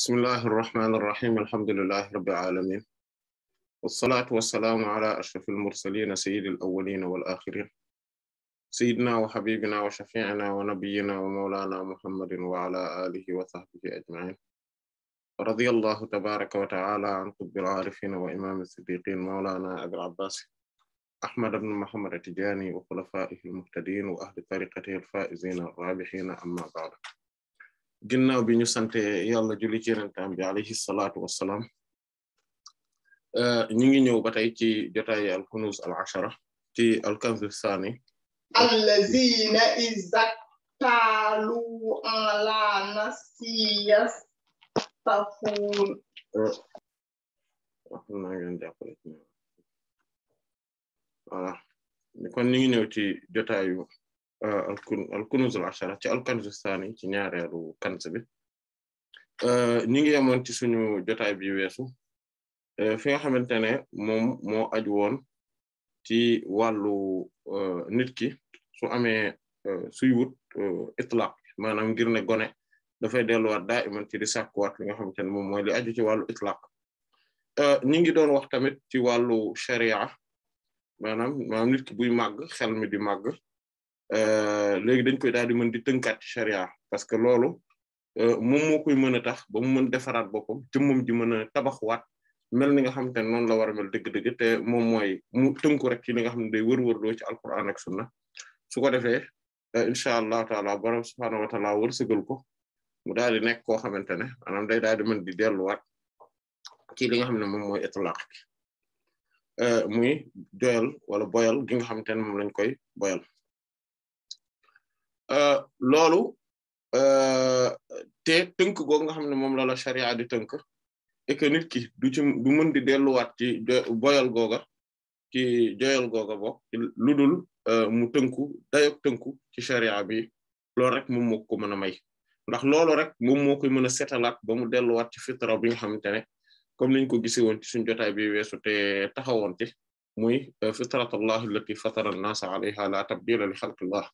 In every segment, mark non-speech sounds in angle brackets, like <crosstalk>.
بسم الله الرحمن الرحيم الحمد لله رب العالمين والصلاة والسلام على أشرف المرسلين سيد الأولين والآخرين سيدنا وحبيبنا وشفيعنا ونبينا ومولانا محمد وعلى آله وصحبه أجمعين رضي الله تبارك وتعالى عن قطب العارفين وإمام الصديقين مولانا أبي العباس أحمد بن محمد التجاني وخلفائه المهتدين وأهل طريقته الفائزين الرابحين أما بعد ginnaw bi ñu sante yàlla julli ci yonentam bi alayhi salaatu wassalaam ñu ngi ñëw batay ci jotay al kunuz al ashara ci al kanz sani allazina izaktalu ala nasiyas tafun naa ngeen kon ñu ñëw ci jotay yu al kunuz al ashara ci al saani ci ñaareelu kanz bi ñi ngi yemoon ci suñu jotaay bi weesu fi nga xamante ne moom moo aju woon ci wàllu nit ki su amee suy wut itlaq maanaam ngir ne gone dafay delluwaat daa iman ci di sàkkuwaat li nga xamante ne moom mooy li aju ci wàllu itlaq euh, ñi ngi doon wax tamit ci wàllu sharia maanaam maanaam nit ki buy màgg xel mi di màgg Euh, léegi dañ koy daal di mën di tënkaat ci parce que loolu euh, moom moo koy mën a tax ba mu mën defaraat boppam jëmmam ji mën tabax tabaxwaat mel ni nga xam te ne noonu la war a mel dëgg-dëgg te moom mooy mu tënku rek ci li nga xam ne day wër-wër doo ci alquran ak sunna su ko defee euh, incha allah taala borom subhaanahu wa ko mu daal di nekk koo xamante ne maanaam day daal di mën di delluwaat ci li nga xam ne moom mooy itlaq bi muy doyal wala boyal gi nga xamante ne moom lañ koy boyal. Euh, loolu euh, te tënk googu nga xam ne moom la la charia di tënk et que ki du ci du mën di delluwaat ci boyal googa ci joyal googa bo lu dul euh, mu tënku dayok tënku ci charia bi loolu rek moom moo ko mën a may ndax loolu rek moom moo koy mën a setalaat ba mu delluwaat ci fitra bi nga xamante ne comme niñ ko gisee woon ci suñu jotaay bi weesu te taxawoon te muy fitratullahi allati fatara an-nasa alayha la tabdila li xalqillah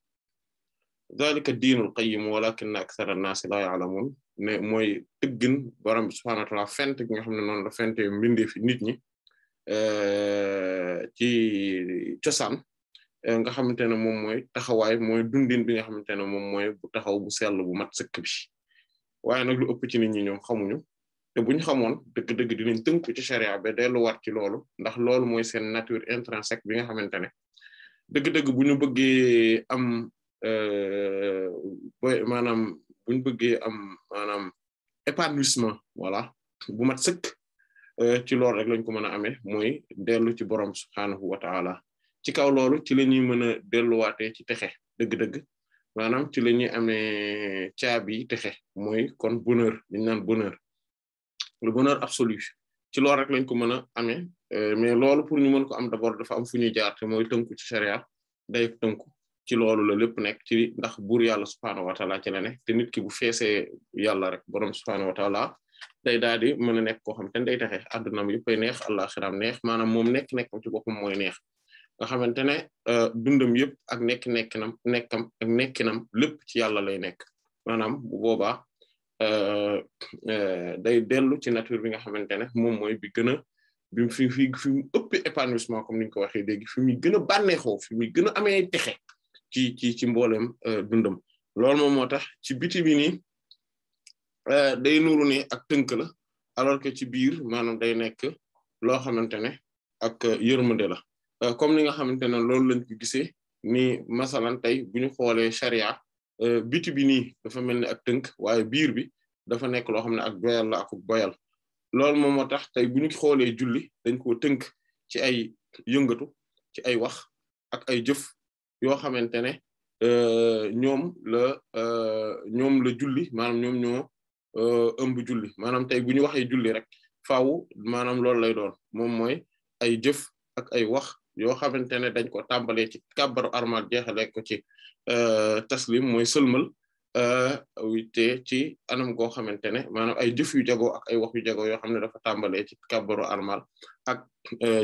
zalika diinul qayyim walakinna akthara an-naasi laa ya'lamuun ne mooy tëggin borom bi subhaanahu wa ta'aala fent nga xam ne noonu la fente mbindee fi nit ñi eh, ci cosaan eh, nga xamante ne moom mooy taxawaay mooy dundin bi nga xamante ne moom mooy bu taxaw bu sell bu mat sëkk bi waaye nag lu ëpp ci nit ñi ñoom xamuñu te bu ñu xamoon dëgg-dëgg dinañ tënku ci charia ba delluwaat ci loolu ndax loolu mooy seen nature intrinsèque bi nga xamante ne dëgg-dëgg bu bëggee am booy euh, maanaam buñ bëggee am maanaam épanouissement voilà bu mat sëkk euh, ci loolu rek lañ ko mën a amee mooy dellu ci borom subhaanahu wa taala ci kaw loolu ci la ñuy mën a delluwaatee ci texe dëgg-dëgg maanaam ci la ñuy amee caabi texe mooy kon bonheur dañ naan bonheur le bonheur absolu ci loolu rek lañ ko mën a amee euh, mais loolu pour ñu mën ko am d'abord dafa am fu ñuy jaar te mooy tënku ci charia day tënku ci loolu la lépp nekk ci ndax buur yàlla subhaanahu wa taala ci la ne te nit ki bu feesee yàlla rek borom subhaanahu wa taala day daal di mën a nekk koo xam te ne day taxe àddunaam yëppay neex àllaaxiraam neex maanaam moom nekk nekkam ci boppam mooy neex nga xamante ne euh, dundam yëpp ak nekk nekkinam nekkam ak lépp ci yàlla lay nekk maanaam bu boobaa euh, euh, day dellu ci nature bi nga xamante ne moom mooy bi gën a bi fi fi fi mu ëpp épanouissement comme ni ñu ko waxee léegi fi muy gën a bànneexoo fi muy gën a amee texe ci ci ci mboolem euh, dundam loolu moom moo tax ci biti bi nii euh, day nuru ni ak tënk la alors que ci biir maanaam day nekk loo xamante ne ak euh, yërmande la comme ni nga xamante ne loolu lañ ko gisee ni masalan tey bu ñu xoolee charia biti bi nii dafa mel ni ak tënk waaye biir bi dafa nekk loo xam ne ak doyal la ak boyal loolu moom moo tax tey bu ñu xoolee julli dañ koo tënk ci ay yëngatu ci ay wax ak ay jëf yoo xamante ne euh, ñoom la euh, ñoom la julli maanaam ñoom ñoo euh, ëmb julli maanaam tey bu ñu waxee julli rek faaw maanaam loolu lay doon moom mooy ay jëf ak ay wax yoo xamante ne dañ ko tàmbalee ci kàbbaru armal jeexale ko ci taslim mooy sëlmal te ci anam goo xamante ne maanaam ay jëf yu jago ay wax yu jago yoo xam ne dafa tàmbalee ci kàbbaru armal ak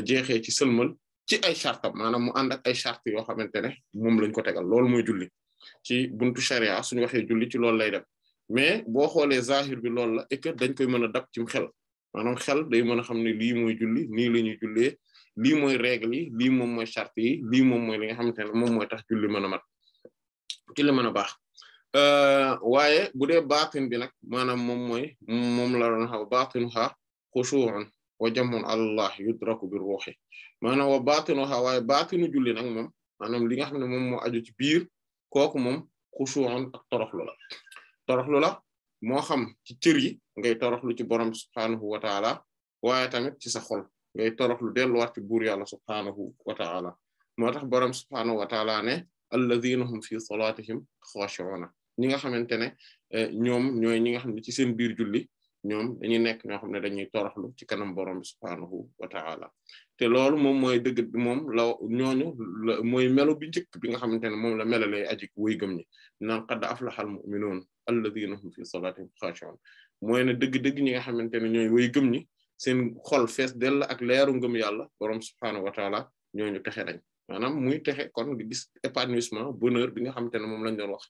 jeexee ci sëlmal ci ay chartam maanaam mu ànd ak ay charte yoo xamante ne moom lañ ko tegal loolu mooy julli ci buntu sharia suñu waxee julli ci loolu lay dem mais boo xoolee zahir bi loolu la et que dañ koy mën a dab cim xel maanaam xel day mën a xam ne lii mooy julli nii la ñuy jullee lii mooy règle yi lii moom mooy charte yi lii moom mooy li nga xamante ne moom mooy tax julli mën a mat ci li mën a baax euh, waaye bu dee baatin bi nag maanaam moom mooy moom la doon xaw baatinu xaa xusuuran wa jamun alallah yudraku bi ruuxi maanaam wa baatinoha waaye baatinu julli nag moom maanaam li nga xam ne moom moo aju ci biir kooku moom xushuun ak toroxlu la toroxlu la moo xam ci cër yi ngay toroxlu ci borom subhaanahu wa taala waaye tamit ci sa xol ngay toroxlu delluwaat ci buur yàlla subhaanahu wa taala moo tax borom subhaanahu wa taala ne alladhina hum fi salatihim xaashi'una ñi nga xamante ne eh, ñoom ñooy ñi nga xam ne ci seen biir julli ñoom dañuy nekk ñoo xam ne dañuy toroxlu ci kanam borom bi subhaanahu te loolu moom mooy dëgg moom la ñooñu mooy melo bi njëkk bi nga xamante ne moom la melalee aji way gëm ñi naan qad aflaxal mu'minuun alladhiina hum fi salaatihim xaashi'uun mooy ne dëgg-dëgg ñi nga xamante ne ñooy way gëm ñi seen xol fees dell ak leeru ngëm yàlla borom subhaanahu wa ta'ala ñooñu texe nañ maanaam muy texe kon di gis épanouissement bonheur bi nga xamante ne moom lañ doon wax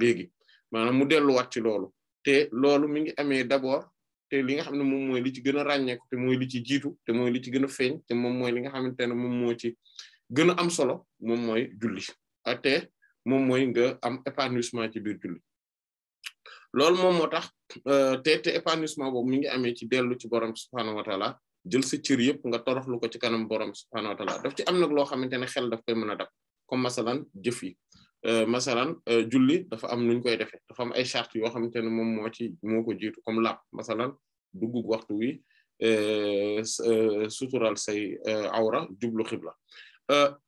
léegi maanaam mu delluwaat ci loolu. te loolu mi ngi amee d'abord te li nga xam ne moom mooy li ci gën a ràññeeku te mooy li ci jiitu te mooy li ci gën a feeñ te moom mooy li nga xamante ne moom moo ci gën a am solo moom mooy julli ah, te moom mooy nga am épanouissement ci biir julli loolu moom moo tax euh, te te épanouissement boobu mi ngi amee ci dellu ci borom subhaanahu wa taala jël sa cër yëpp nga toroxlu ko ci kanam borom subhaanahu wa taala daf ci am nag loo xamante ne xel daf koy mën a dab comme masalan jëf masalan julli dafa am nuñ koy defee dafa am ay charte yoo xamante ne moom moo ci moo ko jiitu comme làpp masalan duggug waxtu wi sutural say awra jublu xibla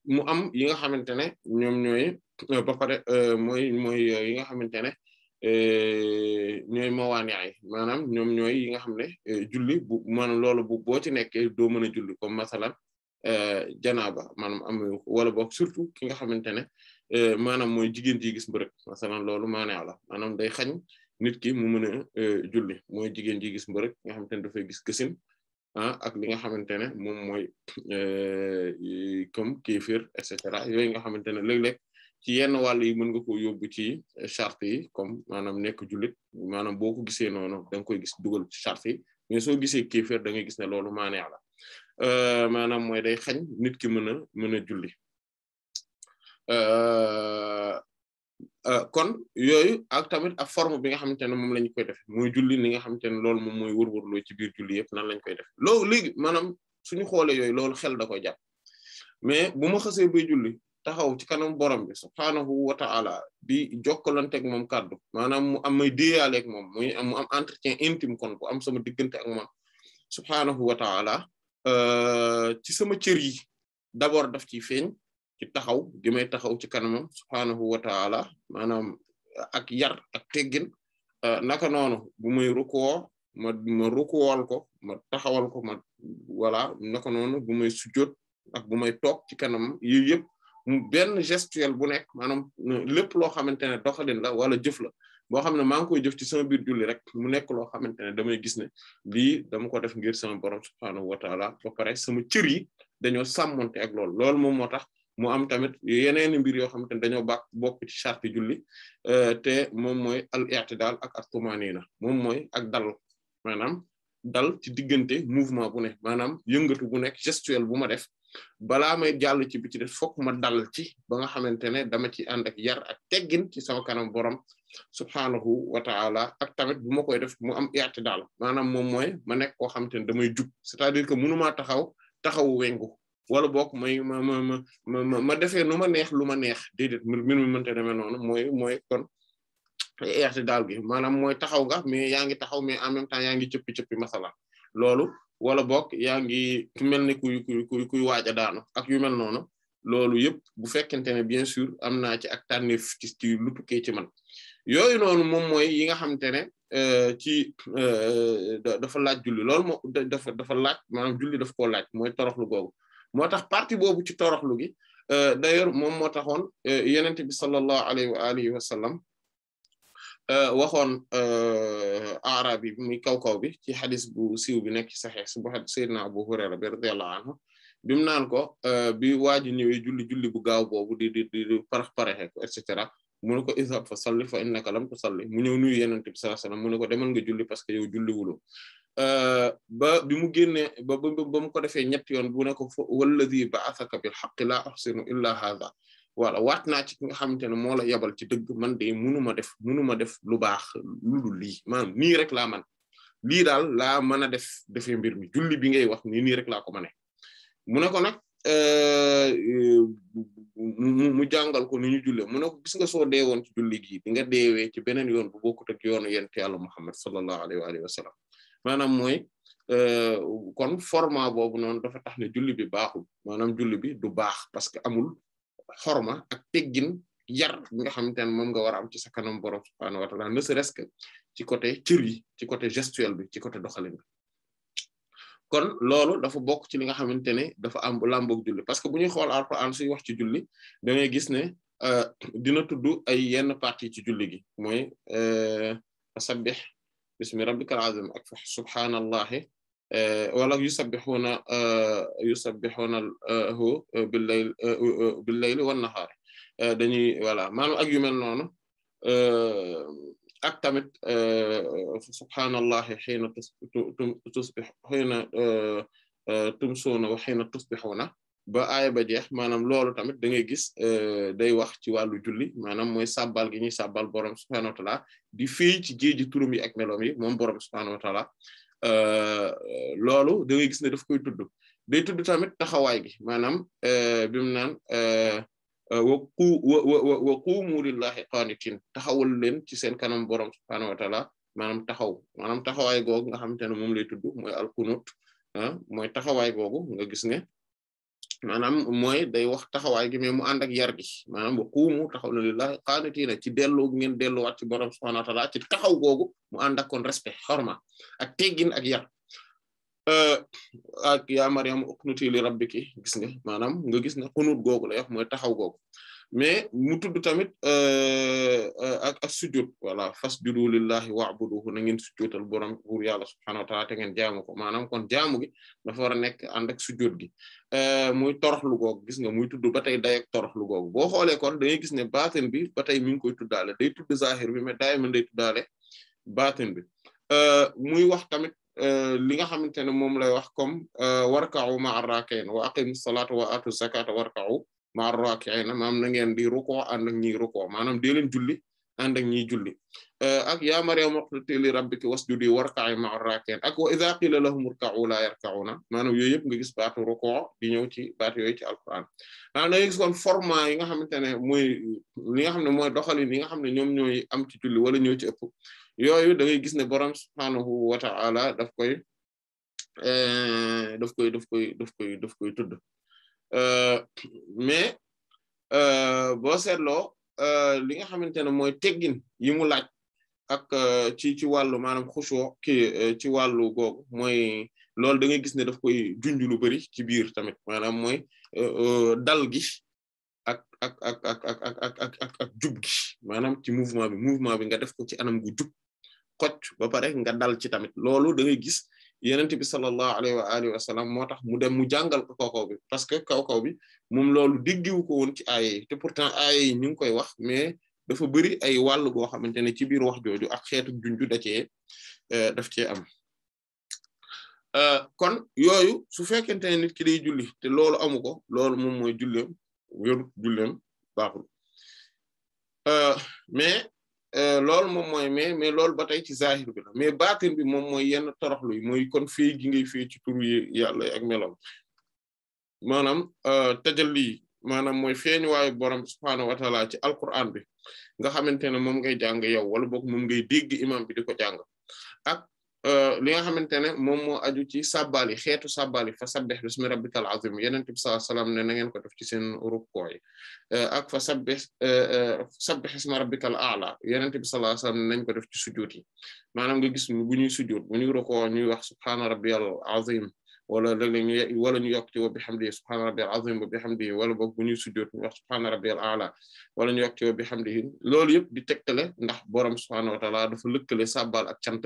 mu am yi nga xamante ne ñoom ñooy ba pare mooy mooy yi nga xamante ne ñooy mawaani ay maanaam ñoom ñooy yi nga xam ne julli bu maanaam loolu bu boo ci nekkee doo mën a julli comme masalan janaaba maanaam am wala boog surtout ki nga xamante ne Eh, maanaam mooy jigéen ji gis mbërëg masalan loolu maanaa la maanaam day xañ nit ki mu mën a eh, julli mooy jigéen ji gis mbërëg nga xamante ne dafay gis gësin ah ak li nga xamante ne moom mooy eh, comme kéefir et cetera yooyu nga xamante ne léeg-léeg ci yenn wàll yi mën nga ko yóbbu ci charte yi comme maanaam nekk jullit maanaam boo ko gisee noonu da nga koy gis dugal ci charte yi mais soo gisee kéefir da ngay gis ne loolu maanaa la maanaam mooy day xañ nit ki mën a mën a julli Eh, eh, kon yoyu ak tamit ak forme bi nga xamantene mom lañ koy def moy julli ni nga lool mom moy wour wour lo ci biir julli yef nan lañ koy def loolu léegi manam suñu xolé yooyu lool xel da koy japp mais buma xasse bay julli taxaw ci kanam borom bi subhanahu wa ta'ala bi ak mom kaddu manam mu am may ak mom muy am am entretien intime kon ko am sama diggante ak mom subhanahu wa ta'ala eh, ci sama cër yi d'abord daf ci feñ ci taxaw gi may taxaw ci kanamam subhaanahu wa taala maanaam ak yar ak teggin euh, naka noonu bu may rukkoo ma ma ko ma taxawal ko ma voilà naka noonu bu may sujjoot ak bu may toog ci kanamam yooyu yëpp benn gestuel bu nekk maanaam lépp loo xamante ne doxalin la wala jëf la boo xam ne maa ngi koy jëf ci sama biir julli rek mu nekk loo xamante ne damay gis ne lii dama ko def ngir sama borom subhaanahu wa taala ba sama cër yi dañoo sàmmonte ak loolu loolu moom moo tax mu am tamit yeneeni mbir yoo xam te ne dañoo baax bokk ci charte julli euh, te moom mooy al daal ak ak tumanina moom mooy ak dal maanaam dal ci diggante mouvement bu ne maanaam yëngatu bu nekk gestuel bu ma def balaa may jàll ci bi ci def fokk ma dal ci ba nga xamante ne dama ci ànd ak yar ak teggin ci sama kanam borom subhaanahu wa ta'ala ak tamit bu ma koy def mu am daal maanaam moom mooy ma nekk koo xamante ne damay jub c'est-à-dire que mënumaa taxaw taxawu wengu wala boog may ma ma ma ma defee nu ma neex lu ma neex déedéet mbir mi mënta demee noonu mooy mooy kon i'tidal maanaam mooy taxaw nga mais yaa ngi taxaw mais en même temps yaa ngi cëppi cëppi masala loolu wala boog yaa ngi mel ni kuy kuy kuy waaj a daanu ak yu mel noonu loolu yëpp bu fekkente ne bien sûr am naa ci ak tànneef ci ci lu tukkee ci man yooyu noonu moom mooy yi nga xamante ne euh, ci euh, dafa laaj julli loolu moo dafa dafa laaj maanaam juli daf koo laaj mooy toroxlu googu moo tax parti boobu ci toroxlu gi euh, d'ailleurs moom moo taxoon euh, yonent bi sallallahu alayhi wa alihi wa sallam euh, waxoon arabi bi muy kaw-kaw bi ci xadis bu siw bi nekk ci saxiix si bu sayyidina Abu Hurayra bi radiyallahu anhu bi mu naan ko bi waa ji ñëwee julli julli bu gaaw boobu di di di parax paraxe ko et cetera mu ne ko izhab fa salli fa innaka lam tusalli mu ñëw nuyu yonent bi sallallahu alayhi wa mu ne ko demal nga julli parce que yow julli wulo Euh, ba bi mu génnee ba ba mu ko defee ñett yoon bu ne ko fo wallazi ba'athaka bil haqqi la ahsinu illa hadha naa ci ki nga xamante ne moo la yebal ci dëgg man de mënuma def mënuma def lu baax lu dul lii maanaam nii rek laa man lii daal laa mën a def defee mbir mi julli bi ngay wax nii nii rek laa ko mën a mu ne ko nag euh, mu jàngal ko ni ñu julle mu ne ko gis nga soo deewoon ci julli gi di nga deewee ci beneen yoon bu bokkut ak yoonu yent yàlla Muhammad sallallahu alayhi wa sallam moy euh kon format bobu non dafa tax ne julli bi baxul manam julli bi du bax parce que amul xorma ak teggin yar nga xamantene mom nga wara am ci sa kanam borom subhanahu wa taala ne serait que ci côté cër yi ci côté gestuel bi ci côté doxalin kon lolu dafa bok ci li nga xamantene dafa am lambok julli parce que buñu xol alcorane Alxuraan wax ci julli da ngay gis ne euh, dina tuddu ay yenn parti ci julli gi euh asabih بسم ربك العظيم أكفح سبحان الله آه، ولا يسبحون آه، يسبحون آه، هو بالليل بالليل والنهار دني ولا ما أجي من نونو أكتمت سبحان الله حين تصبح حين تمسون وحين تصبحون ba aaya ba jeex manam lolu tamit da ngay gis euh, day wax ci walu julli manam moy sabbal gi ñuy sabbal borom subhanahu wa taala di fii ci jéeji turum yi ak melom yi mom borom subhanahu wa taala euh, lolu da ngay gis ne daf koy tuddu day tuddu tamit taxaway gi maanaam euh, bi mu naan wa qu wa qumu lillahi qanitin taxawul len ci sen kanam borom subhanahu wa taala manam taxaw manam taxaway gog nga xamantene mom lay tuddu moy al qunut ah, moy taxaway googu nga gis ne maanaam mooy day wax taxawaay gi mu ànd ak yar gi maanaam wa quumu taxaw na lillahi qaanitina ci delloo ngeen delluwaat ci borom subhaanahu wa ta'ala ci taxaw googu mu ànd ak kon respect ma ak tegin ak yar ak yaa Maryam uqnuti li rabbiki gis nga maanaam nga gis nga xunut googu lay wax mooy taxaw googu mais mu tudd tamit euh, euh, ak ak sujud voilà fasjudu lillahi wa'buduhu na ngeen sujudal borom buur yàlla subhaanahu wa te ngeen jaamu ko maanaam kon jaamu gi dafa war a nekk ànd ak sujud gi euh, muy toroxlu googu gis nga muy tudd ba tey day ak toroxlu googu boo xoolee kon da ngay gis ne baatin bi ba tey mi ngi koy tuddaale day tudd zahir bi mais daay man day tuddaale baatin bi muy wax tamit li nga xamante ne moom lay wax comme warka'u ma'a raki'in wa aqimus salata wa atu a warka'u Ya, ma raki'ina maanaam na ngeen di ruko and ak ñi ruko manam dee leen julli and ak ñi julli eh, ak ya maryam waqti li rabbiki wasjudi warqa'i ma'a raki'in ya. ak wa idha qila lahum irka'u la yarka'una manam yooyu nah, yëpp ya, nga gis baatu ruko di ñew ci baat yoy ci alquran maanaam da gis kon format yi nga xamantene moy li nga xamne moy doxali yi nga xamne ñom ñoy am ci julli wala ñoo ci ëpp yooyu da ngay gis ne borom subhanahu wa ta'ala daf koy eh, daf koy daf koy daf koy daf koy tudd Euh, mais euh, boo seetloo euh, li nga xamante ne mooy teggin yi mu laaj ak ci ci wàllu maanaam xushoo ki ci wàllu googu mooy loolu da ngay gis ne daf koy junj lu bari ci biir tamit maanaam mooy dal gi ak ak ak ak ak ak ak jub gi maanaam ci mouvement bi mouvement bi nga def ko ci anam gu jub kocc ba pare nga dal ci tamit loolu da ngay gis yenent bi sallallahu alayhi wa alihi wa sallam moo tax mu dem mu jàngal ko kawkaw bi parce que kawkaw bi moom loolu déggiwu ko woon ci aaya yi te pourtant aaya yi ñu ngi koy wax mais dafa bëri ay wàll goo xamante ne ci biir wax jooju ak xeetu junju da cee eh, daf cee am eh, kon yooyu su fekkente ne nit ki day julli te loolu amu ko loolu moom mooy julleem wéru julleem eh, mais Euh, loolu moom mooy mais mais loolu ba tey ci zahir bi la mais baatin bi moom mooy yenn toroxlu yi mooy kon fii gi ngay fii ci turu yàlla ak melam maanaam euh, tajalli maanaam mooy feeñuwaayu borom subhaanahu wa ci ci alquran bi nga xamante ne moom ngay jàng yow wala boog moom ngay dégg imam bi di ko jàng ak li nga xamantene mom mo aju ci sabbali xetu sabbali fa sabbih bismi rabbikal azim yenen tib sallallahu alayhi ne na ngeen ko def ci seen rukkoo yi ak fa sabbih sabbih bismi rabbikal a'la yenen tib sallallahu alayhi ne nañ ko def ci sujud yi maanaam nga gis bu ñuy sujud bu ñuy rukkoo ñuy wax subhana rabbiyal azim wala léeg-léeg ñu wala ñu yok ci wa bihamdi subhana rabbiyal azim wa bihamdi wala bok bu ñuy sujud ñu wax subhana rabbiyal a'la wala ñu yok ci wa bihamdi lool yëpp di tegtale ndax borom subhanahu wa ta'ala dafa lëkkale sabbal ak cant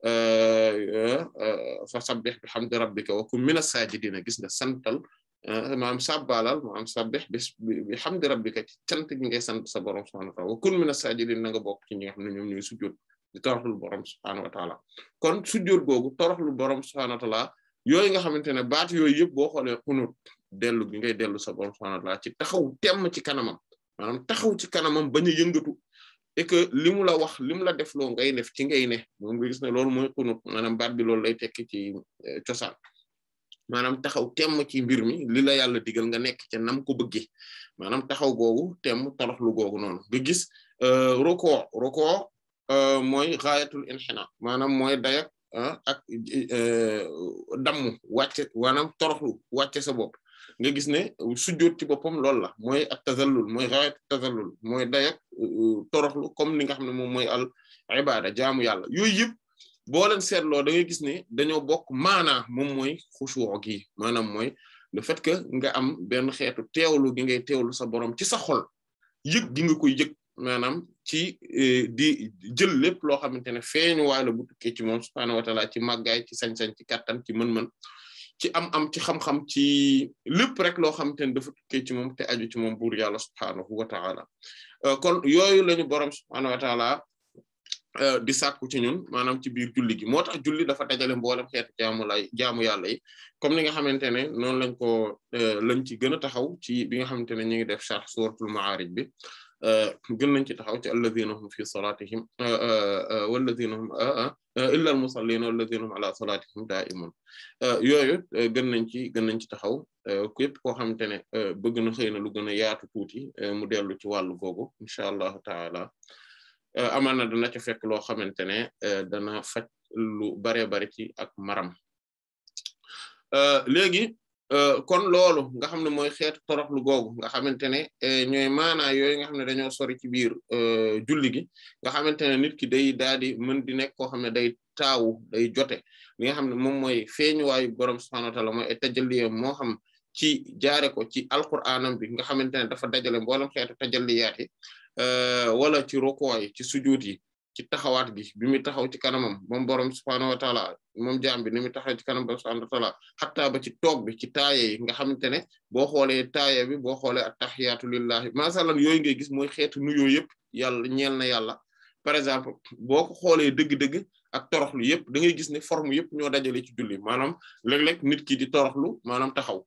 fa sabbih bihamdi rabbika wa kun mina a gis na santal maanaam sàbbaalal maanaam sabbih bihamdi bi ci cant gi ngay sant sa borom subhanahu wa ta'ala wa kun mina sajidina na nga bokk ci ñi nga xam ne ñoom ñooy sujjóot di toroxlu borom subhanahu wa ta'ala kon sujjóot googu toroxlu borom subhanahu wa yooyu nga xamante ne baat yooyu yëpp boo xoolee xunut dellu gi ngay dellu sa borom subhanahu wa ta'ala ci taxaw temm ci kanamam maanaam taxaw ci kanamam bañ a yëngatu et li mu la wax li mu la def loo ngay def ci ngay ne moom gis ne loolu mooy xunut maanaam loolu lay tekki ci eh, cosaan maanaam taxaw temm ci mbir mi li la yàlla digal nga nekk ca nam ko bëggee maanaam taxaw googu temm toroxlu googu noonu nga gis eh, rukoo rukoo eh, mooy gaayatul inxina maanaam mooy dayak ah, ak damm wàcce maanaam toroxlu wàcce sa bopp nga gis ne euh, sujjóot ci boppam loolu la mooy ak tazallul mooy raayat tazallul mooy dayak euh, euh, toroxlu comme ni nga xam ne moom mooy al ibada jaamu yàlla yooyu yëpp boo leen seetloo da ngay gis ne dañoo bokk maanaa moom mooy xushuu gi maanaam mooy le fait que nga am benn xeetu teewlu gi ngay teewlu sa borom ci sa xol yëg gi nga koy yëg maanaam ci di jël lépp loo xamante ne feeñu waay la bu tukkee ci moom subhaanahu wa taala ci màggaay ci sañ ci kattan ci mën man ci am am ci xam-xam ci lepp rek lo xamantene dafa tukke ci mom te aju ci mom bur yalla subhanahu wa taala euh, kon yoyu lañu borom subhanahu wa taala euh, di sakku ci ñun manam ci biir julli gi motax julli dafa dajale mbolam xet jaamu lay jaamu yalla yi comme ni nga xamantene non lañ ko euh, lañ ci gëna taxaw ci bi nga xamantene ñi ngi def sharh suratul ma'arij bi gën nañ ci taxaw ci alladhina hum fi salatihim walladhina hum illa almusallina walladhina hum ala salatihim daimun yooyu gën nañ ci gën nañ ci taxaw képp koo xamante ne bëgg na xëy na lu gën a yaatu tuuti mu dellu ci wàllu googu incha allahu taala amaan na dana ca fekk loo xamante ne dana faj lu bare bare ci ak maram léegi Euh, kon loolu nga xam ne mooy xeetu toroxlu googu nga xamante ne euh, ñooy maanaa yooyu nga xam ne dañoo sori ci biir euh, julli gi nga xamante ne nit ki day daal di mën di nekk koo xam ne day taawu day jote li nga xam ne moom mooy feeñuwaayu borom subhaanahu wa ta'aala mooy moo xam ci jaare ko ci alquraanam bi nga xamante ne dafa dajale mboolem xeetu tajalliyaat yi wala ci rukoo ci sujuut yi ci taxawaat gi bi muy taxaw ci kanamam moom borom subhaanahu wa taala moom jaam bi ni muy taxaw ci kanam ba subhaanahu wa taala xataa ba ci toog bi ci taaye yi nga xamante ne boo xoolee taaye bi boo xoolee attahiyaatu lillahi masalan yooyu ngay gis mooy xeetu nuyoo yëpp yàlla ñeel na yàlla par exemple boo ko xoolee dëgg-dëgg ak toroxlu yëpp da ngay gis ne forme yëpp ñoo dajale ci julli maanaam léeg-léeg nit ki di toroxlu maanaam taxaw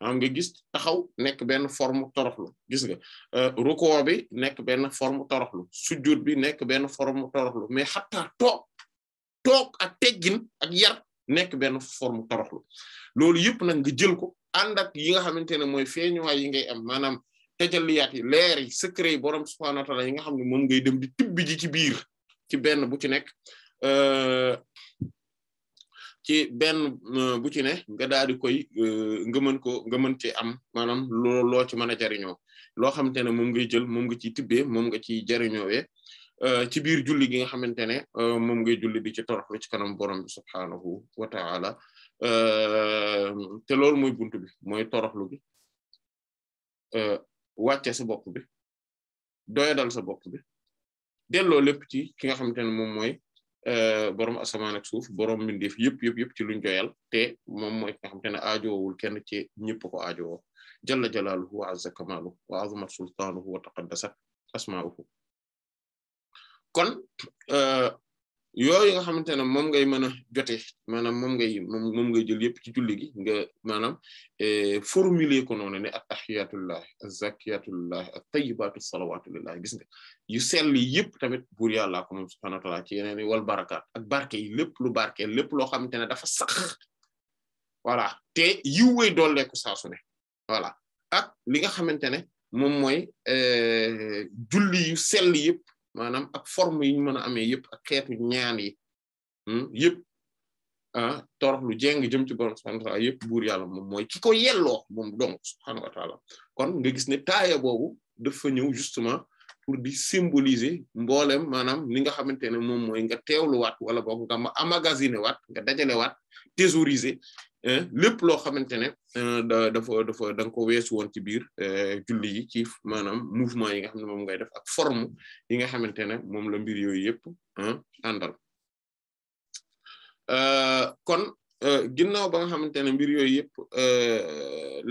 am nga gis taxaw nekk benn forme toroxlu gis nga euh, rukkoo bi nekk benn forme toroxlu sujjud bi nekk benn forme toroxlu mais xata toog toog ak teggin ak yar nekk benn forme toroxlu loolu yëpp na nga jël ko ànd ak yi nga xamante ne mooy feeñuwaay yi ngay am maanaam tajalliyaat yi leer yi secret yi borom subhaanahu wa yi nga xam ne moom ngay dem di tibbi ji ci biir ci benn bu ci nekk euh, ci ben euh, bu ci ne nga daal di koy euh, nga ko nga mën ci am maanaam loo loo ci mën a jariñoo loo xamante ne moom ngay jël moom nga ci tibbee moom nga ciy jariñoowee euh, ci biir julli gi nga xamante ne moom ngay julli di ci toroxlu ci kanam borom bi subhaanahu wa ta'ala te loolu mooy buntu bi mooy toroxlu bi wàcce sa bopp bi doyadal sa bopp bi delloo lépp ci ki nga xamante ne moom mooy Euh, borom asamaan ak suuf borom mbindeef yëpp yëpp yëpp ci luñ joyal te moom mooy ki nga xamante ne aajowul kenn ci ñëpp ko aajowoo jalla jalaaluhu wa azza kamaaluhu wa azumat sultaanuhu wa taqaddasat asmaa'uhu kon euh, yooyu nga xamante ne moom ngay mën a jote maanaam moom ngay moom moom ngay jël yëpp ci julli gi nga maanaam eh, formuler ko noonu ne attahiyatullah azzakiyatullah attayyibatu salawatu lillah gis nga yu sell yëpp tamit buur yàllaa ko moom subhanahu wa ci yeneen wal barakaat ak barke yi lépp lu barke lépp loo xamante ne dafa sax voilà te yiw way dooleeku saa su ne voilà ak li nga xamante ne moom mooy eh, julli yu sell yëpp maanaam ak forme yi ñu mën a amee yëpp ak xeetu ñaan yi hmm, yëpp ah torox lu jéng jëm ci borom subhaanahu wa ta'aala yëpp buur yàlla moom mooy ki ko yelloo moom donc subhaanahu wa kon nga gis ne taaya boobu dafa ñëw justement pour di symboliser mboolem maanaam li nga xamante ne moom mooy nga teewluwaat wala boog nga ma amagasiné waat nga dajale waat thésauriser Euh, lépp loo xamante ne euh, dafa dafa da nga ko weesu woon ci biir euh, julli yi ci maanaam mouvement yi nga xam ne moom ngay def ak forme yi nga xamante ne moom la mbir yooyu yëpp àndal kon ginnaaw ba nga xamante ne mbir yooyu yëpp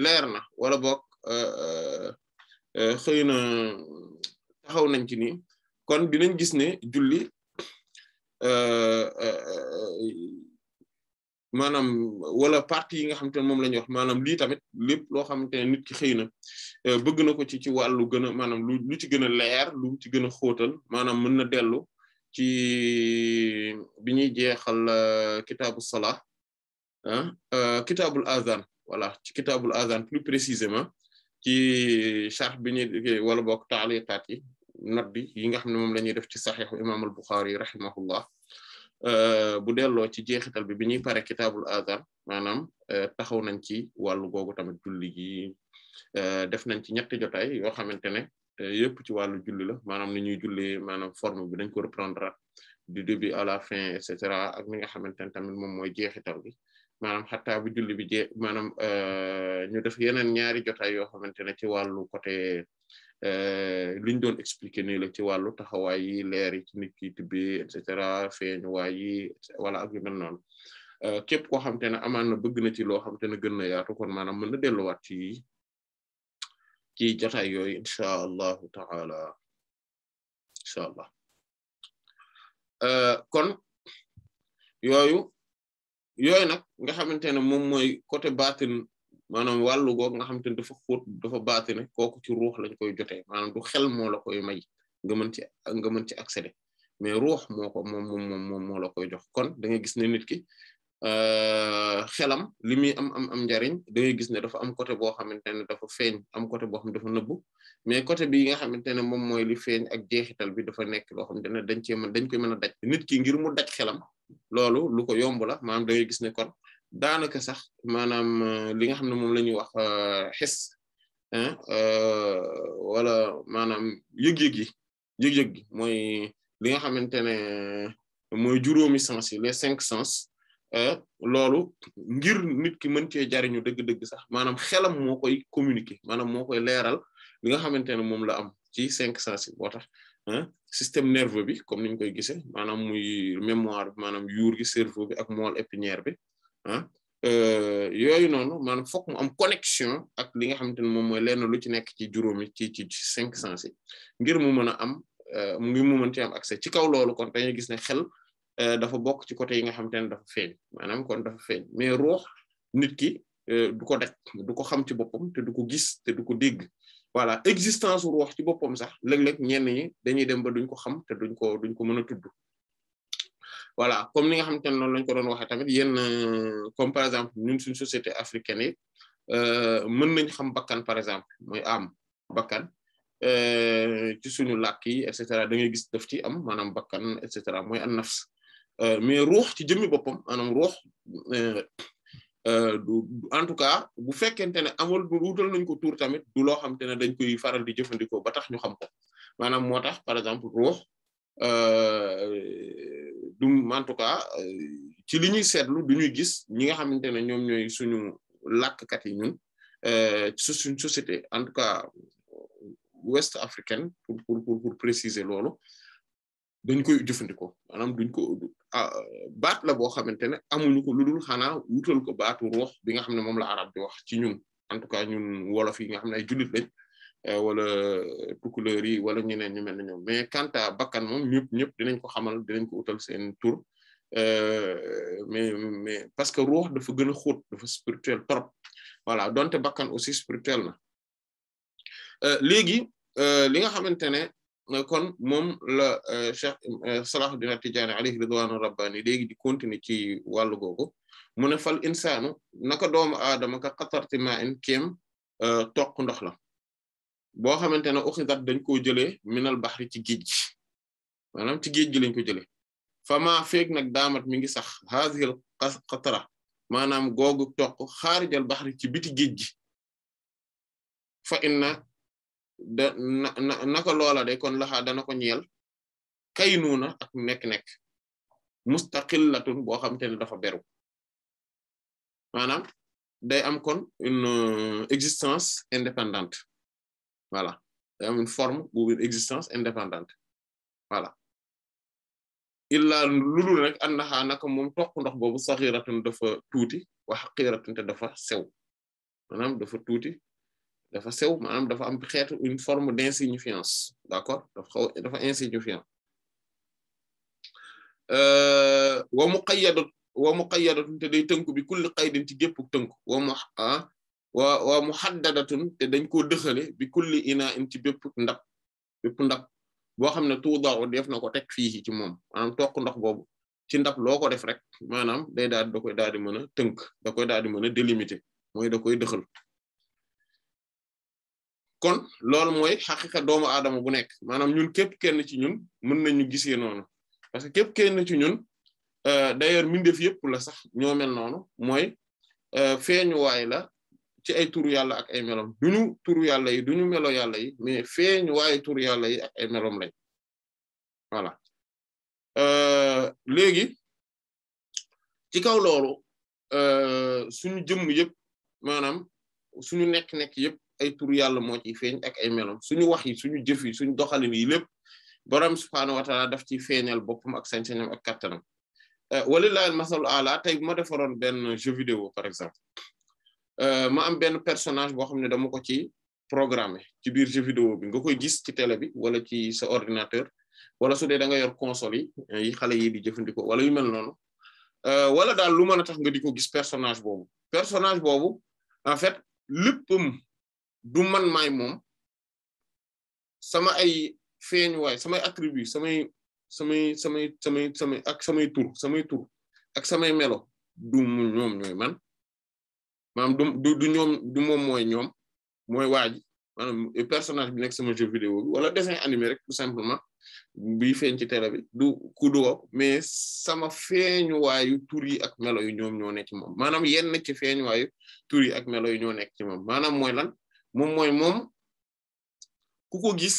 leer na wala boog xëy na taxaw nañ ci nii kon dinañ gis ne julli maanaam wala parti yi nga xamante ne moom la ñuy wax maanaam lii tamit lépp loo xamante ne nit ki xëy na euh, bëgg na ko ci ci wàllu gën a maanaam lu lu ci gën a leer lu ci gën a xóotal maanaam mën na dellu ci bi ñuy jeexal euh, kitaabu salaa ah euh, kitaabul azan wala ci kitaabul azan plus précisément ci charh bi ñuy wala bokk taaliqaat yi not bi yi nga xam ne moom la ñuy def ci saxiixu imaamul Buxaari rahimahullah Euh, bu delloo ci jeexital bi bi ñuy pare kitaabul azar maanaam euh, taxaw nañ ci wàllu googu tamit julli gi euh, def nañ ci ñetti jotaay yoo xamante ne yëpp ci wàllu julli la maanaam ni ñuy jullee maanaam forme bi dañ ko reprendre du début à la fin et cetera ak ni nga xamante ne tamit moom mooy jeexital bi maanaam xataa bu julli bi jee maanaam ñu def yeneen ñaari jotaay yoo xamante ne ci wàllu côté Euh, liñ doon expliquer nii la ci wàllu taxawaay yi leer yi ci nit ki tibbee et cetera feeñuwaay yi wala a yu mel noonu euh, képp koo xam te ne amaan na bëgg na ci loo xam te ne gën na yaatu kon maanaam mën na delluwaat ci ci jotaay yooyu incha allahu taala incha allah euh, kon yooyu yooyu nag nga xamante ne moom mooy côté baatin maanaam wàllu goog nga xamante ne dafa xóot dafa baati ne kooku ci ruux lañ koy jotee maanaam du xel moo la koy may nga mën ci nga mën ci accéder mais ruux moo ko moom moom moom moo la koy jox kon da nga gis ne nit ki euh, xelam li muy am am am njariñ da gis ne dafa am côté boo xamante ne dafa feeñ am côté boo xam ne dafa nëbbu mais côté bi nga xamante ne moom mooy li feeñ ak jeexital bi dafa nekk loo xam ne dañ cee mën dañ koy mën a daj nit ki ngir mu daj xelam loolu lu ko yomb la maanaam da gis ne kon daanaka sax maanaam euh, li nga xam ne moom la ñuy wax euh, xis euh, wala maanaam yëg-yëg yi yëg-yëg gi mooy li nga xamante ne mooy juróomi sens yi les cinq sens loolu ngir nit ki mën cee jariñu dëgg-dëgg sax maanaam xelam moo koy communiquer maanaam moo koy leeral li nga xamante ne moom la am ci cinq sens yi boo tax système nerveux bi comme niñ koy gisee maanaam muy mémoire bi maanaam yuur gi cerveau bi ak moelle épinière bi ah yooyu noonu maanaam fokk mu am connexion ak li nga xamante ne moom mooy lenn lu ci nekk ci juróomi ci ci ci cinq sens ngir mu mën a am euh, ngir mu mën ci am accès ci kaw kon dañuy gis ne xel euh, dafa bokk ci côté yi nga xamante ne dafa feeñ maanaam kon dafa feeñ mais ruux nit ki du ko daj du ko xam ci boppam te du ko gis te du ko dégg voilà existence ruux ci boppam sax léeg-léeg ñenn ñi dañuy dem ba duñ ko xam te duñ ko duñ ko mën a tudd voilà comme ni nga xamante ne noonu lañu ko doon waxee tamit yéen euh, comme par exemple ñun suñu société africaine yi euh, mën nañ xam bakkan par exemple mooy am bakkan euh, ci suñu làkk yi et da ngay gis daf ci am maanaam bakkan et mooy an mais ruux ci jëmmi boppam maanaam ruux du en tout cas bu fekkente ne amul du wutal nañ ko tuur tamit du loo xamante ne dañ koy faral di jëfandikoo ba tax ñu xam ko maanaam moo tax par exemple ruux du en euh, ci li ñuy seetlu du ñuy gis ñi nga xamante ne ñoom ñooy suñu làkkat yi ñun su euh, suñ société en tout cas ouest africaine pour pour pour préciser loolu dañ koy jëfandikoo maanaam duñ ko ah, baat la boo xamante ne amuñu ko lu dul xanaa wutal ko baatu roox bi nga xam ne moom la arab di wax ci ñun en tout cas ñun wolof yi nga xam ne ay jullit lañ. Euh, wala euh, tukulóor yi wala ñeneen ñu mel na ñoom mais quant à bakkan moom ñëpp dinañ ko xamal dinañ ko utal seen tur euh, mais mais parce que ruux dafa gën a xóot dafa spirituel trop voilà donte bakkan aussi spirituel na léegi li nga xamante ne kon moom la Cheikh Salahuddin At-Tidjânî alayhi ridwanu rabbani léegi di continuer ci wàllu googu mu ne fal insaanu naka doomu aadama ka qatarti ma in kéem toq ndox la boo xamante ne uxidat dañ koo jëlee minal baxri ci géej gi ci géej gi lañ ko jëlee fama feeg nag daamat mi ngi sax haazihil qatra maanaam googu toq xaarijal baxri ci biti géej gi fa inna da naka loola de kon laxa dana ko ñeel kaynuuna ak nekk-nekk mustaqillatun boo xamante ne dafa beru maanaam day am kon une euh, existence indépendante voilà day am une forme ou une existence indépendante voilà illa lulul rek annaxaa naka moom toq ndox boobu saxiratun dafa tuuti wa xaqiratun te dafa sew maanaam dafa tuuti dafa sew maanaam dafa am xeetu une forme d'insignifiance d'accord dafa xaw dafa insignifiant euh, wa muqayyadatu wa muqayyadatun te day tënku bi kulli qaydin ci gépp tënku wa mu ah wa wa muhaddadatun te dañ koo dëxale bi kulli ina in ci bépp ndab bépp ndab boo xam ne tuudaw def na ko teg fii ci moom maanaam toq ndox boobu ci ndab loo ko def rek maanaam day daal da koy daal di mën a tënk da koy daal di mën a délimiter mooy da koy dëxal kon loolu mooy xaqiqa doomu aadama bu nekk maanaam ñun képp kenn ci ñun mën nañu gisee noonu parce que képp kenn ci ñun euh, d'ailleurs mbindeef yëpp la sax ñoo mel noonu mooy euh, feeñu la ci ay turu yàlla ak ay melom duñu tur yàlla yi duñu melo yàlla yi mais feeñ waaye turu yàlla yi ak ay melom lañ voilà euh, léegi ci kaw loolu euh, suñu jëm yëpp maanaam suñu nekk-nekk yëpp ay turu yàlla moo feeñ ak ay melom suñu wax yi suñu jëf yi suñu doxalin yi lépp borom subhaanahu wa taala daf ciy feeñal boppam ak sañ-sañam ak kattanam euh, walillahi al masalu ala tey bu ma defaroon benn jeu vidéo par exemple Euh, ma am benn personnage boo xam ne dama ko ci programmé ci biir jeu vidéo bi nga koy gis ci télé bi wala ci sa ordinateur wala su dee da nga yor console yi euh, yi xale yi di jëfandikoo wala yu mel noonu euh, wala daal lu mën a tax nga di ko gis personnage boobu personnage boobu en fait léppam du man maay moom sama ay feeñuwaay samay attribut samay samay samay samay samay ak samay tur samay tur ak samay melo du mu ñoom man maanaam du du ñoom moom mooy ñoom mooy waa ji maanaam personnage bi nekk sama jeu wala dessin animé rek tout simplement bi feeñ ci télé bi du ku du mais sama feeñuwaayu tur yi ak melo yi ñoom ñoo nekk ci moom maanaam yenn ci feeñuwaayu tur yi ak melo yi ñoo nekk ci moom maanaam mooy lan moom mooy moom ku ko gis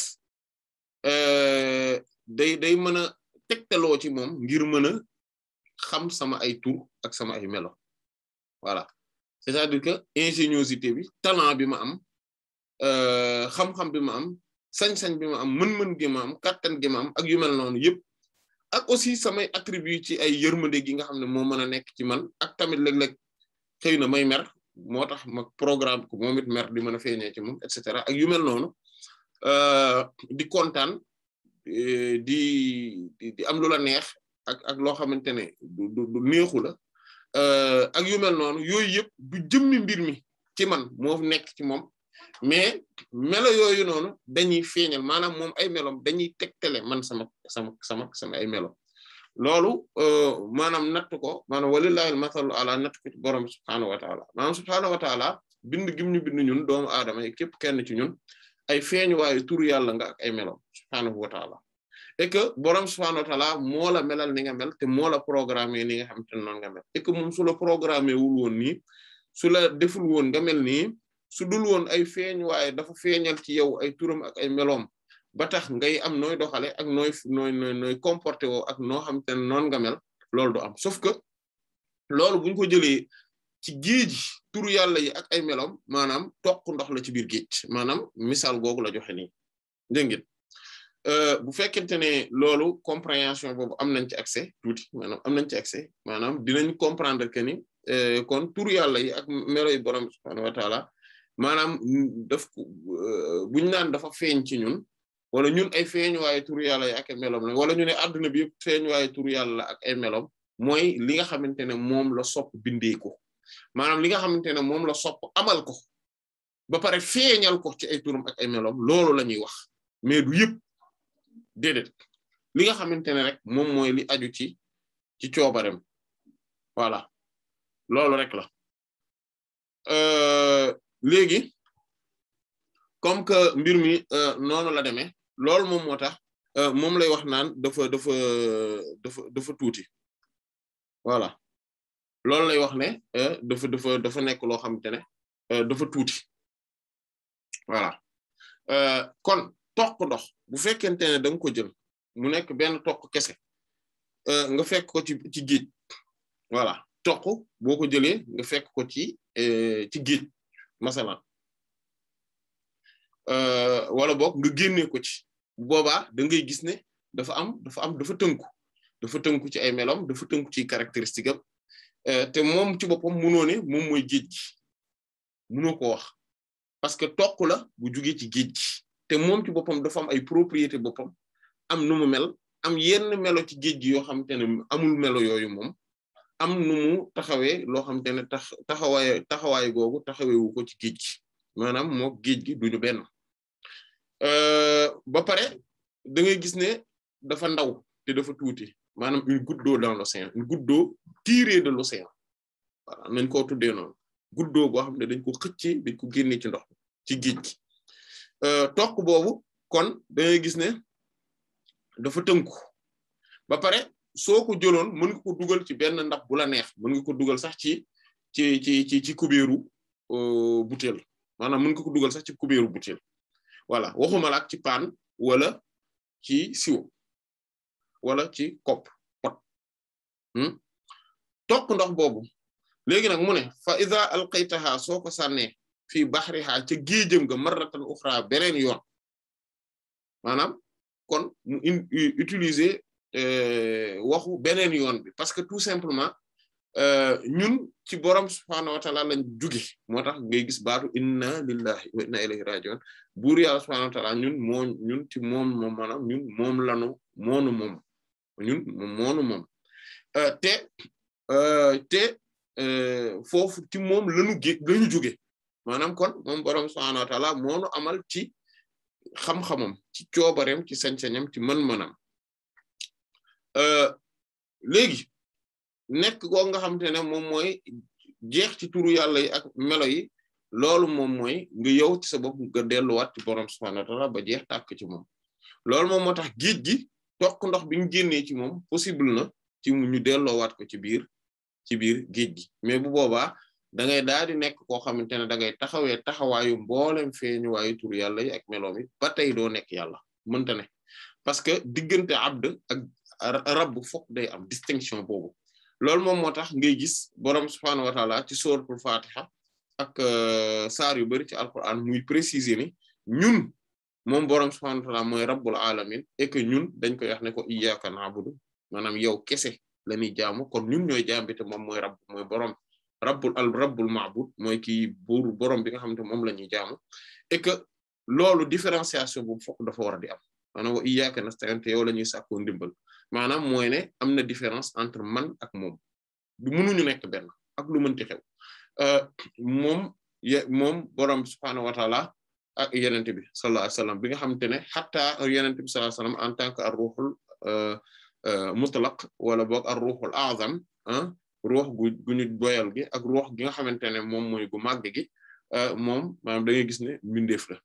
euh, day day mën a tegtaloo ci moom ngir mën a xam sama ay tur ak sama ay melo voilà c'est-à-dire que ingéniosité bi talent bi ma am euh, xam-xam bi ma am sañ-sañ bi ma am mën-mën gi ma am kattan gi ma am ak yu mel noonu yëpp ak aussi samay attribut ci ay yërmande gi nga xam ne moo mën ci man ak tamit léeg-léeg xëy na may mer moo ma programme ko moom mer di mën a feeñee ci moom et cetera ak yu mel noonu euh, di kontaan euh, di di am lu neex ak ak loo xamante du du neexu la Euh, ak yu mel noonu yooyu yëpp du jëmmi mbir mi ci man moo nekk ci moom mais melo yooyu noonu dañuy feeñal maanaam moom ay melom dañuy tegtale man sama sama sama sama ay melo loolu euh, maanaam natt ko maanaam walillahi al-mathalu ala natt ko ci borom subhaanahu wa taala maanaam subhaanahu wa taala bind ñun doomu aadama yi képp kenn ci ñun ay feeñuwaayu turu yàlla nga ay melo subhaanahu wa et que borom subhanahu wa ta'ala mo la melal ni nga mel te mo la programmer ni nga xam te noonu nga mel et que mum su la programmer wul won ni su la deful won nga mel ni su dul won ay feñ way dafa feñal ci yow ay turum ak ay melom. ba tax ngay am noy doxale ak noy noy noy, nooy comporté ak no xam non nga mel lolou do am sauf que lolou buñ ko jëlé ci géej turu yalla yi ak ay melom, manam tok ndox la ci bir geej manam misal googu la joxe ni dengit Euh, bu fekkente ne loolu compréhension boobu am nañ ci accès tuuti maanaam am nañ ci accès maanaam dinañ comprendre que ni euh, kon tur yàlla yi ak melo yi borom subhaanahu wa def maanaam daf euh, buñ naan dafa feeñ ci ñun wala ñun ay feeñ waaye tur yàlla yi ak ay melom wala ñu ne adduna bi yëpp feeñ waaye tur yàlla la ak ay melom mooy li nga xamante ne moom la sop bindee ko maanaam li nga xamante ne moom la sopp amal ko ba pare feeñal ko ci ay turam ak ay melom loolu la ñuy wax mais du déedéet li nga xamante ne rek moom mooy li aju ci ci coobarem voilà loolu rek la euh, léegi comme que mbir mi euh, noonu la demee loolu moom moo tax euh, moom lay wax naan dafa dafa dafa dafa tuuti voilà loolu lay wax ne dafa dafa dafa nekk loo xamante ne dafa kon. toq dox bu fekkente ne da nga ko jël mu nekk benn toq kese euh, nga fekk ko ci ci géej voilà toq boo ko jëlee nga fekk ko ci euh, ci géej masalan euh, wala boog nga génnee ko ci boobaa da ngay gis ne dafa am dafa am dafa tënku dafa tënku ci ay melom dafa tënku ci caractéristique am te moom ci boppam mënoo ne moom mooy géej gi ko wax parce que toq la bu jugee ci géej te moom ci boppam dafa am ay propriété boppam am nu mu mel am yenn melo ci géej gi yoo xamante ne amul melo yooyu moom am numu mu taxawee loo xamante ne tax taxawaay taxawaay googu taxaweewu ko ci géej gi maanaam moo géej gi duñu benn euh, ba pare da ngay gis ne dafa ndaw te dafa tuuti maanaam une goutte d'eau dans l'océan une goutte d'eau tirée de l'océan voilà nañ ko tuddee noonu goutte d'eau boo xam ne dañ ko xëccee dañ ko génnee ci ndox ci géej gi Euh, tokk boobu kon da ngay gis ne dafa tënku ba pare soo ko jëloon mën nga ko dugal ci benn ndax bu la neex mën nga ko dugal sax ci ci ci ci ci kubéeru euh, butéel maanaam mën nga ko dugal sax ci kubéeru butéel voilà waxuma la ak ci paan wala ci siwo wala ci kopp pot hmm? tokk ndox boobu léegi nag mu ne fa iza alqaytaha soo ko sànnee fii baxriha ca géejëm ga marratan uxra beneen yoon maanaam kon mu utiliser euh, waxu beneen yoon bi parce que tout simplement euh, ñun ci borom subhaanahu wa lañ jóge moo tax ngay gis baatu inna lillahi wa inna ilayhi rajiun buur yàlla subhaanahu wa taala ñun moo ñun ci moom ñun moom lanu moonu euh, te te foofu ti moom lanu lañu jóge manam kon mom borom subhanahu wa taala amal ci xam-xamam ci coobareem ci sañ-sañam ci manam euh legi nekk go nga xamantene mom moy jeex ci turu yalla yi ak melo yi loolu mom moy nga yow ci sa bop nga wat ci borom subhanahu wa taala ba jeex tak ci mom loolu mom motax geej gi tok ndox biñu ñu ci mom possible na ci ñu wat ko ci bir ci bir geej gi mais bu boba da ngay daal di nekk koo xamantene da ngay taxawee taxawaayu mboolem feeñuwaayu tur yàlla yi ak meloom yi ba tey doo nekk yàlla mënta ne parce que diggante abd ak rabb fokk day am distinction boobu loolu moom moo tax ngay gis borom subhanahu wa taala ci sóoratul fatiha ak euh, saar yu bari ci alquran muy préciser ni ñun moom borom subhanahu wa taala mooy rabbul alamin et que ñun dañ koy wax ne ko iyyaka na'budu maanaam yow kese la ñuy jaamu kon ñun ñooy jaam bi te moom mooy rabb mooy borom. rabbul al rabbul maabud mooy kii buur borom bi nga xamante moom la ñuy jaamu et que loolu différenciation boobu fokk dafa war a di am maanaam wa iyyaaka nasta'in te yow la ñuy sàkkoo ndimbal maanaam mooy ne am na différence entre man ak moom du mënuñu nekk benn ak lu mënti xew euh, moom moom borom subhaanahu wa taala ak yonent bi sallallahu alayhi wa sallam bi nga xamante ne xatta yonent bi sallallahu alayhi en tant que ar ruuxul euh, euh, mutlaq wala boog ar ruuxul azam ruh gu gu ñu doyal gi ak ruux gi nga xamante ne moom mooy gu màgg gi euh, moom maanaam da ngay gis ne mbindeef la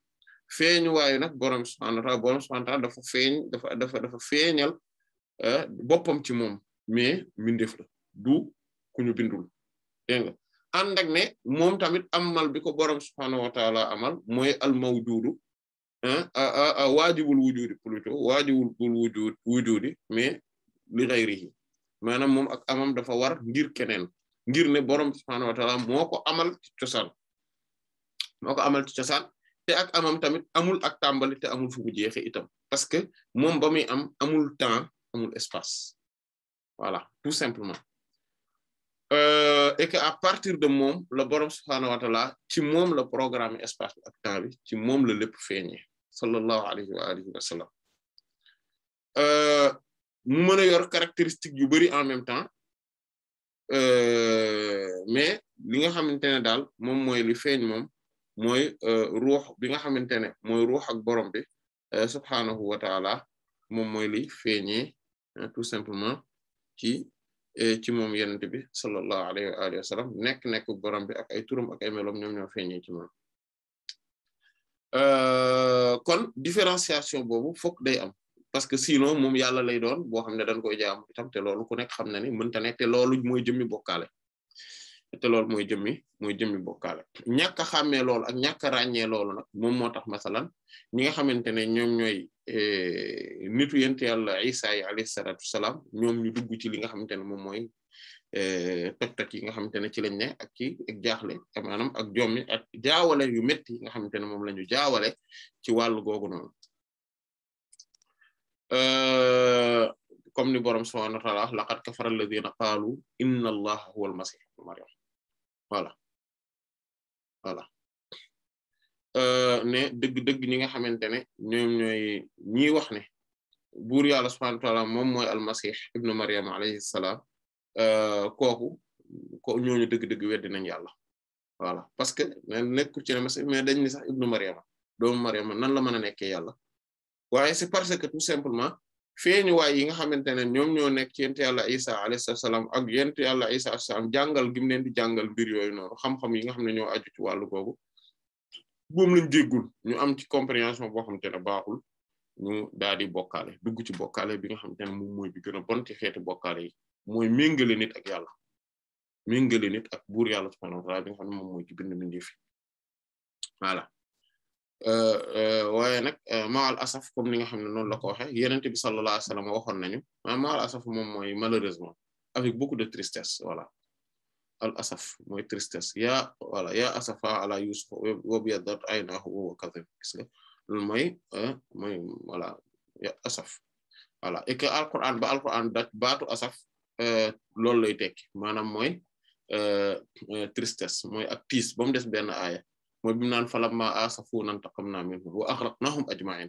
feeñu waaye nag borom subhanahu wa ta'ala borom subhanahu wa ta'ala dafa feeñ dafa dafa dafa feeñal euh, boppam ci moom mais mbindeef la du ku ñu bindul dégg nga ak ne moom tamit amal bi ko borom subhanahu wa ta'ala amal mooy al mawjudu waajibul wujudi plutôt waajibul wujudi mais li ghayrihi maanaam moom ak amam dafa war ngir keneen ngir ne borom subhaanahu wa taala moo ko amal ci cosaan moo ko amal ci cosaan te ak amam tamit amul ak tàmbali te amul fu mu jeexe itam parce que moom ba mi am amul temps amul espace voilà tout simplement euh, et que à partir de moom la borom subhaanahu wa taala ci moom la programme espace bi ak temps bi ci moom la lépp feeñee sallallahu alayhi wa mëna yor caractéristique yu bari en même temps euh, mais li nga xamantene dal mom moy mooy li feeñ moom mooy ruh bi nga xamantene moy ruh ak borom bi euh, subhanahu wa taala mom moy li feñé euh, tout simplement ci ci moom yenente bi sallallahu alayhi wa alihi sallam nekk nekk borom bi ak ay turum ak ay melom ñom ñoo feñé ci moom kon différenciation bobu fokk day am parce que sinon moom yàlla lay doon boo xam ne dañ koy jaam itam te loolu ku nekk xam na ne mënta ne te loolu mooy jëmmi bokkaale te loolu mooy jëmmi mooy jëmmi bokkaale ñàkk a xàmmee loolu ak ñàkk a ràññee loolu nag moom moo tax masalan ñi nga xamante ne ñoom ñooy eh, nitu yent yàlla Isa yi alayhi salaatu salaam ñoom ñu dugg ci li nga xamante ne moom mooy eh, toj-toj yi nga xamante ne ci lañ ne ak ci ak jaaxle maanaam ak jommi ak jaawale yu métti yi nga xamante ne moom la ñu jaawale ci wàllu googu Euh, comme ni borom subhaanahu wa ta'aala laqad kafara alladhiina qaalu inna allaha huwa al-masiih ibn maryam voilà voilà euh, ne dëgg-dëgg ñi nga xamante ne ñoom wax ne buur yàlla subhaanahu wa ta'aala moom mooy al-masiih ibn maryam alayhi salaam euh, ko ñooñu dëgg-dëgg weddi nañ yàlla voilà parce que nekkul ci ne mais dañ ni sax ibnu maryam doomu maryam nan la mën a nekkee yàlla waye c'est parce que tout simplement feeñu way yi nga xamantene ñom ñoo nek ci yent yalla isa alayhi salam ak yent yalla isa alayhi salaam jàngal gim leen di jangal bir yoy non xam-xam yi nga xamne ñoo aju ci walu gogu boom lañ jéggul ñu am ci compréhension bo xamante baaxul ñu daali bokale, dugg ci bokkaale bi nga xamante ne moom bi gëna bon ci xéetu bokkaale yi mooy nit ak yalla méngale nit ak bur yalla subhanahu wa taala bi nga xam mo moy ci bind mi ngi voilà waaye nag maal asaf comme ni nga xam ne noonu la ko waxee yenente bi sallallahu alayhi wa sallam waxoon nañu maal asaf moom mooy malheureusement avec beaucoup de tristesse voilà al asaf mooy tristesse yaa voilà yaa asafa ala yusuf wa biyaddat aynaahu wa huwa kadhib gis nga loolu mooy mooy voilà ya asaf voilà et que alquran ba alquran da baatu asaf loolu lay tekki maanaam mooy tristesse mooy ak tiis ba mu des benn aaya mooy bi mu naan falamma asafuuna ta minhum wa aghraqnahum ajma'in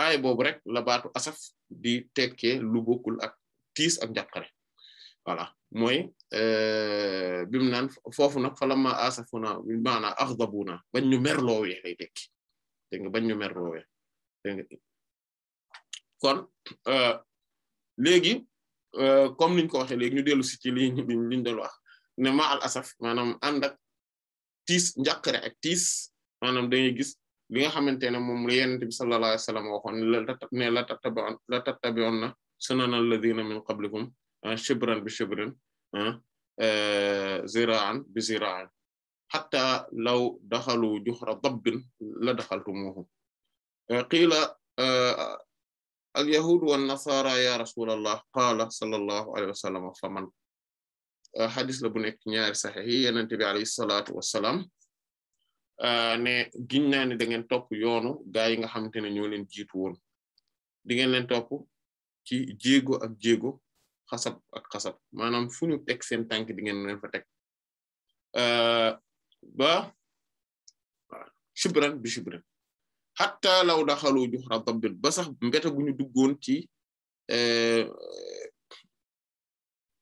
aay boobu rek la baatu asaf di tekkee lu bokkul ak tiis ak njàqare voilà mooy euh, bi mu naan foofu nag falamma asafuna maanaam aghdabuna bañ ñu merloowee lay tekki dégg nga bañ ñu merloowee dégg nga kon euh, léegi euh, comme niñ ko waxee léegi ñu dellu si ci li liñ doon ne ma al asaf maanaam ànd ak tiis njàqare ak tiis maanaam dangay gis li nga xamantene ne moom la yenente bi sallallahu alayhi wa sallam waxoon ne la tattabi la tattabi'un na sunana alladhina min qablikum shibran bi shibran ziraan bi ziraan hatta law daxalu juhra dabbin la daxaltumuhu qiila al yahud wa nasara ya rasul allah qaala sallallahu alayhi wa sallam faman xadis euh, la bu nekk ñaari saxex yi yenente bi alayhi salaatu wassalaam euh, ne naa ne da ngeen topp yoonu gaa yi nga xamante ne ñoo leen jiitu woon di ngeen leen topp ci jéego ak jéego xasab ak xasab maanaam fu ñu teg seen tànk di ngeen leen fa teg euh, ba shibran bi shibran xatta law daxalu juxra dabbin ba sax mbete bu duggoon ci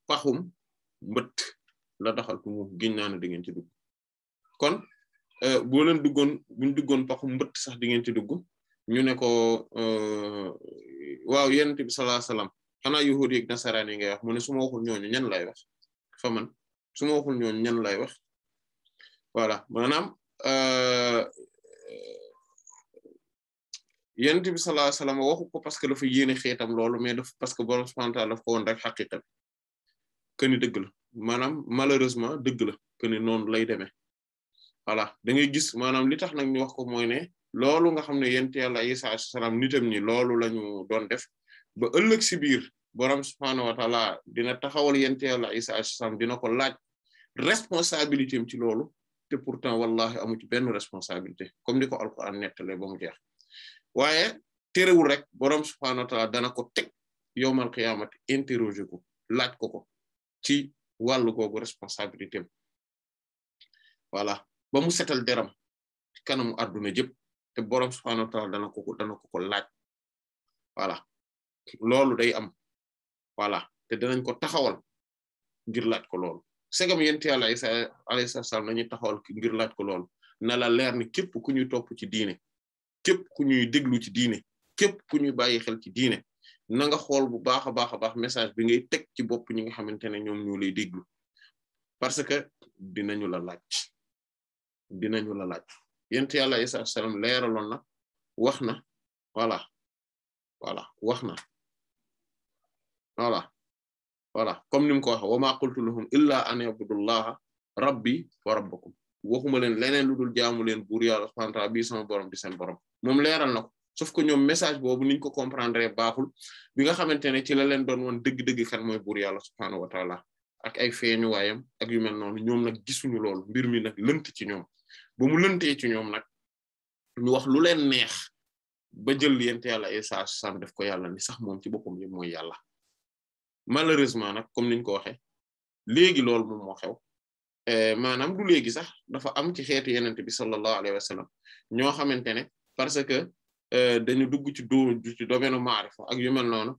paxum mbeut la taxal ko mu giñ di ngeen ci dugg kon euh bo leen duggoon buñ duggoon paxu mbeut sax di ngeen ci dugg ñu ne ko euh waaw yeen bi sallallahu alayhi wasallam xana yahuud yeeg nasaraan yi ngay wax mu ne suma waxul ñoñu ñan lay wax fa man suma waxul ñoñu ñan lay wax voilà maanaam euh, yonent bi sallallahu alayhi wasallam waxuko parce que dafa yene xetam loolu mais dafa parce que borom subhanahu wa ta'ala dafa ko woon rek haqiqa que ni dëgg la maanaam malheureusement dëgg la que ni noonu lay demee voilà da ngay gis maanaam li tax nag ñu wax ko mooy ne loolu nga xam ne yent yàlla Isa alayhi salaam nitam ñi loolu la ñu doon def ba ëllëg si biir borom subhaanahu wa taala dina taxawal yent yàlla Isa alayhi salaam dina ko laaj responsabilité am ci loolu te pourtant wallahi amu ci benn responsabilité comme ni ko alquran le ba mu jeex waaye terewul rek borom subhaanahu wa dana ko teg yowmal qiyaamati interroger ko laaj ko ko. ci wàllu googu responsabilité am voilà ba mu setal deram ci kanamu adduna jëpp te borom subhaanahu wa taala dana ko laaj voilà loolu day am voilà te danañ ko taxawal ngir laaj ko loolu segam yent yàlla Isa alayhi salaam nañu taxawal ngir laaj ko lool na la leer ni képp ku ñuy topp ci diine képp ku ñuy déglu ci diine képp ku ñuy bàyyi xel ci diine na nga xol bu baax a baax message bi ngay tek ci bop ñi nga xamantene ñom ñoom ñoo lay déglu parce que dinañu la lacc dinañu la lacc yent yalla isa sallam leralon na waxna voilà voilà waxna voilà voilà comme nim ko wax wa ma qultu lahum illa an yabudullaha rabbi wa rabbakum waxuma len leneen lu jaamu len bur yalla subhanahu wa ta'ala bi sama borom di seen borom mom leral nako sauf ko ñoom message boobu niñ ko comprendre baaxul bi nga xamante ne ci la leen doon woon dëgg-dëgg kan mooy buur yàlla subhaanahu wa taala ak ay feeñuwaayam ak yu mel noonu ñoom nag gisuñu lool mbir mi nag lënt ci ñoom ba mu lëntee ci ñoom nag ñu wax lu leen neex ba jël yent yàlla Isa sam def ko yàlla ni sax moom ci boppam yëpp mooy yàlla malheureusement nag comme niñ ko waxe léegi loolu moom moo xew eh, maanaam du léegi sax dafa am ci xeetu yenente bi sallallahu alayhi wa sallam Euh, dañu dugg ci doo ci domaine nu maarifa ak yu mel noonu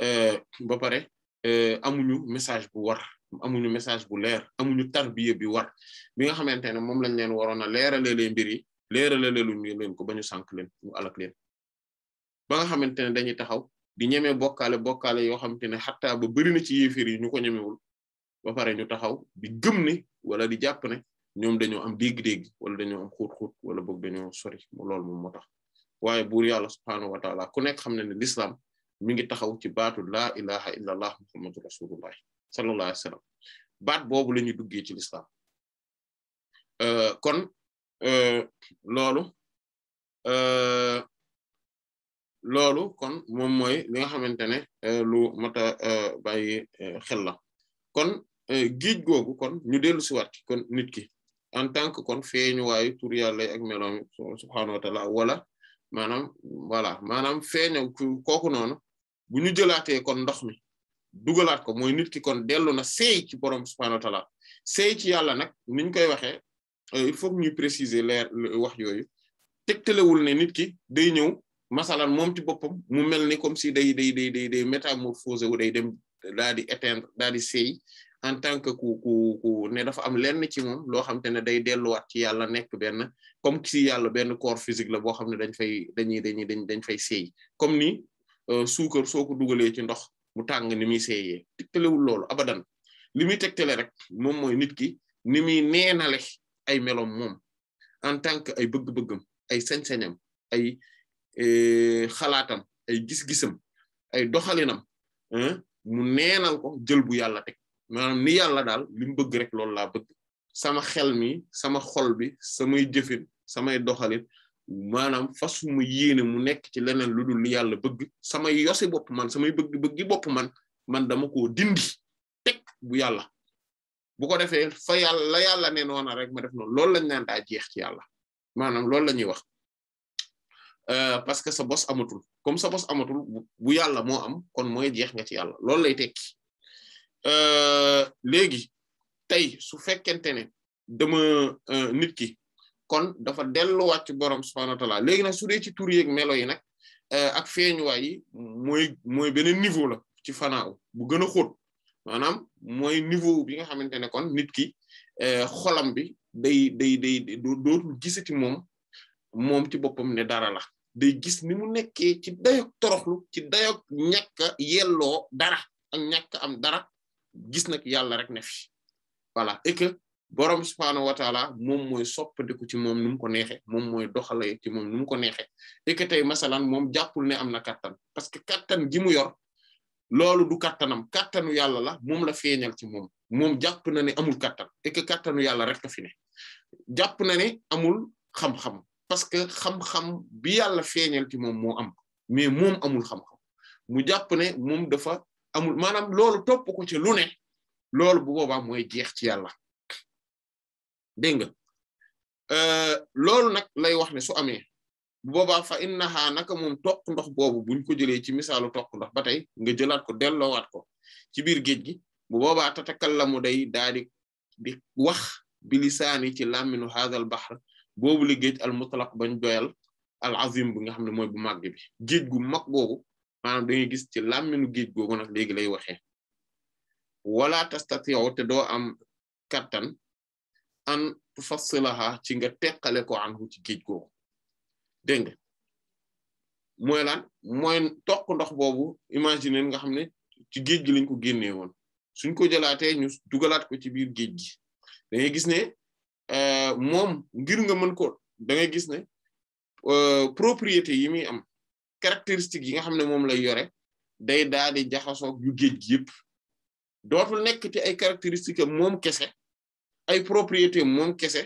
euh, ba pare euh, amuñu message bu war amuñu message bu leer amuñu tarbiya bi war bi nga xamante ne moom lañ leen waroon a leeralee leen mbir yi leeralee leen ko ba ñu sànq leen mu alak leen ba nga xamante ne dañuy taxaw di ñeme bokkaale bokkaale yoo xamante ne xataa ba bëri na ci yéeféer yi ñu ko ñemewul ba pare ñu taxaw di gëm ne wala di jàpp ne ñoom dañoo am dégg-dégg wala dañoo am xuut-xuut wala boog dañoo sori loolu moom moo waaye buur yàlla subhaanahu wa taala ku nekk xam ne ne l'islam mi ngi taxaw ci baatu laa ilaha illa allah muhammadu rasulullah sallallahu alayhi wa sallam baat boobu la ñuy duggee ci l'islam euh, kon euh, loolu euh, loolu kon moom mooy li nga xamante ne lu mata bàyyi xel la kon géej googu kon ñu dellu si kon nit ki en tant que kon feeñu waayu tur yàlla ak meloom subhaanahu wa taala wala manam voilà Madame Fen kooku non bu ñu kon ndox mi dugulat ko moy nit ki kon na ci borom subhanahu wa taala sey ci yalla koy euh, il faut que préciser le, wax yooyu le ne nit ki day ñew masalan mom ci le mu comme si day day day day day dem éteindre en tant que ku ku ku dafa am lenn ci moom loo xam ne day delluwaat ci yàlla nekk benn comme ci yàlla benn corps la boo xam ne dañ fay dañuy dañuy dañ dañ fay seey comme ni euh, suukar soo ko dugalee ci ndox bu tàng ni muy seeyee tegtalewul loolu abadan li muy tegtale rek moom mooy nit ki ni muy neenale ay meloom moom en tant que ay bëgg-bëggam ay sañ-sañam ay eh, xalaatam ay gis-gisam ay doxalinam mu neenal ko jël bu yàlla teg maanaam ni yàlla daal li mu bëgg rek loolu laa bëgg sama xel mi sama xol bi samay jëfin samay doxalin maanaam fas mu yéene mu nekk ci leneen lu dul li yàlla bëgg samay yosi bopp man samay bëgg-bëggi bopp man man dama koo dindi teg bu yàlla bu ko defee fa yàlla la yàlla ne na rek ma def na loolu lañ naan daa jeex ci yàlla maanaam loolu la ñuy wax euh, parce que sa bos amatul comme sa bos amatul bu yàlla moo am kon mooy jeex nga ci yàlla loolu lay tekki Euh, léegi tey su fekkente ne dama euh, nit ki kon dafa delluwaat ci borom subhaanahu wa taala léegi nag su dee ci tur yeg melo yi nag euh, ak feeñuwaay yi mooy mooy beneen niveau la ci fanaaw bu gën a xóot maanaam mooy niveau bi nga xamante ne kon nit ki xolam bi day day day dootul gisati moom moom ci boppam ne dara la day gis ni mu nekkee ci dayok toroxlu ci dayok ñàkk yelloo dara ak ñàkk am dara gis nag yàlla rek ne fi voilà et que borom subhaanahu wa taala moom mooy soppandiku ci moom nu mu ko neexee moom mooy doxalee ci moom nu mu ko neexee et tey masalan moom jàppul ne am na kattan parce que kattan gi mu yor loolu du kattanam kattanu yàlla la moom la feeñal ci moom moom jàpp na ne amul kattan et que kattanu yàlla rek a fi ne jàpp na ne amul xam-xam parce que xam-xam bi yàlla feeñal ci moom moo am mais moom amul xam-xam mu jàpp ne moom amul maanaam loolu topp ko ci lu ne loolu bu boobaa mooy jeex ci yàlla dégg nga euh, loolu nag lay wax ne su amee bu boobaa fa innaha naka moom toq ndox boobu buñ ko jëlee ci misaalu toq ndox ba tey nga jëlaat ko delloowaat ko ci biir géej gi bu boobaa tatakallamu day da di di wax bi lisaani ci làmminu haadal bahr boobu la géej al mutlaq bañ doyal al azim bi nga xam ne mooy bu màgg bi géej gu mag boobu maanaam da ngay gis ci làmminu géej googu nag léegi lay waxee wala tastati'u te doo am kattan an tufassilaha ci nga teqale ko anhu ci géej googu dégg nga mooy lan mooy toq ndox boobu imaginer nga xam ne ci géej gi lañ ko génnee woon suñ ko jëlaatee ñu dugalaat ko ci biir géej gi da ngay gis ne euh, moom ngir nga mën ko da ngay gis euh, propriété yi muy am caractéristiques yi nga xam ne moom lay yore day daal di jaxasoog yu géej gi nekk ci ay caractéristiques am moom kese ay propriété moom kese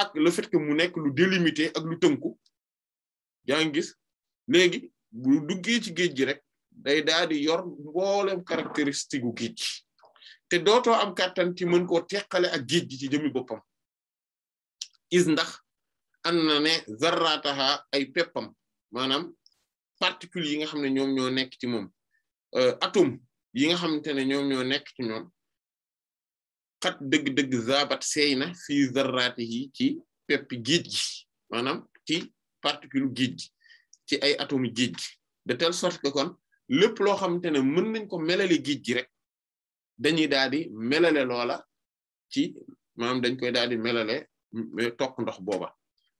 ak le fait mu nekk lu délimité ak lu tënku yaa ngi gis léegi bu duggee ci géej gi rek day daal yor mboolem caractéristique gu te dootoo am kàttan ci mën koo teqale ak géej gi ci jëmi boppam is ndax an na ne zarrataha ay peppam maanaam particule yi nga xam ne ñoom ñoo nekk ci moom euh, atome yi nga xamante ne ñoom ñoo nekk ci ñoom xat dëgg-dëgg zabat na fii zarraati yi ci pepp géej gi maanaam ci particule géej ci ay atome géej gi de telle sorte que kon lépp loo xamante ne mën nañ ko melale géej gi rek dañuy daal di melale loola ci maanaam dañ koy daal di melale toq ndox booba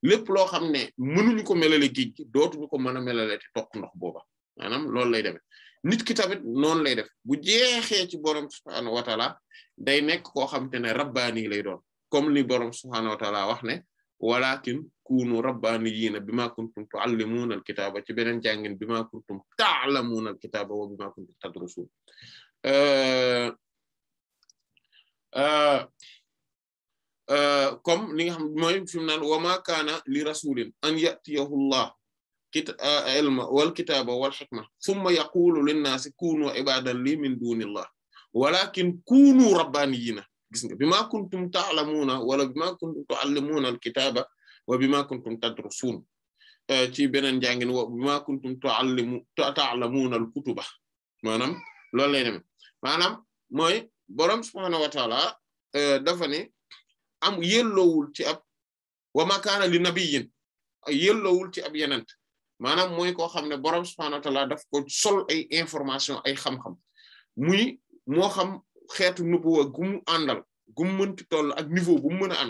lépp loo xam ne mënuñu ko melale géej gi dootuñu ko mën a melale ci ndox booba maanaam loolu lay demee nit ki tamit noonu lay def bu jeexee ci borom subhaanahu wa day nekk koo xam te ne rabbaani lay doon comme li borom subhaanahu wa taala wax ne walakin kunu rabbaaniyiina bimaa kuntum tuallimuuna alkitaaba ci beneen jàngin bimaa kuntum taalamuuna alkitaaba wa bimaa kuntum tadrusuun euh, euh, comme li nga xam mooy fi mu naan wa ma kaana li rasulin an ya'tiyahu llah kit ilma wal kitaaba wal xikma summa yaqulu linnaasi kunu ibadan li min dunillah walakin kunu rabbaniyina gis nga bima kuntum ta'lamuna wala bima kuntum tu'allimuna al kitaaba wa bima kuntum tadrusun ci beneen njàngin wa bima kuntum tu'allimu ta'lamuna al kutuba maanaam loolu lay demee maanaam mooy borom subhanahu wa ta'ala dafa ne am yelloowul ci ab wa makaana li nabiyin yelloowul ci ab yenen manam moy ko xamne borom subhanahu wa taala daf ko sol ay information ay xam-xam muy mo xam xetu nubuwa gu mu àndal gum mën ci toll ak niveau bu mu mën a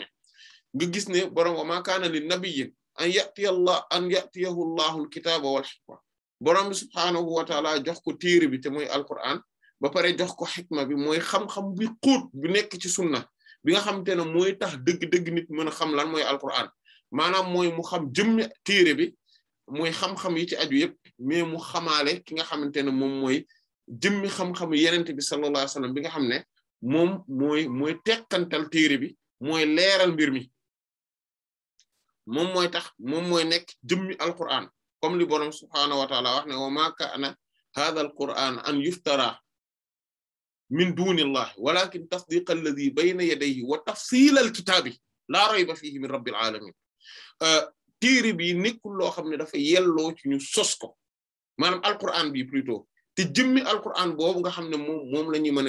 nga gis ne borom wa kana li nabiyin an ya'ti allah an yatiyahu allahu alkitaaba wal hikma borom subhanahu wa taala jox ko téere bi te mooy alquran ba pare jox ko hikma bi moy xam-xam bi xóot bi nek ci sunna bi nga xamante ne mooy tax dëgg-dëgg nit mën a xam lan mooy alquran maanaam mooy mu xam jëmmi téere bi mooy xam-xam yi ci aju yëpp mais mu xamaale ki nga xamante ne moom mooy jëmmi xam-xamu yenent bi sallallahu alayhi wasallam bi nga xam ne moom moy mooy tekkantal téere bi mooy leeral mbir mi moom mooy tax moom mooy nekk mi alquran comme li borom subhaanahu wa taala wax ne wa ma kaana hadha alquran an yuftara من دون الله ولكن تصديق الذي بين يديه وتفصيل الكتاب لا ريب فيه من رب العالمين téere bi nekkul loo xam ne dafa yelloo ci ñu sos ko maanaam alquran bi plutôt te jëmmi alquran boobu nga xam ne moom moom la ñuy mën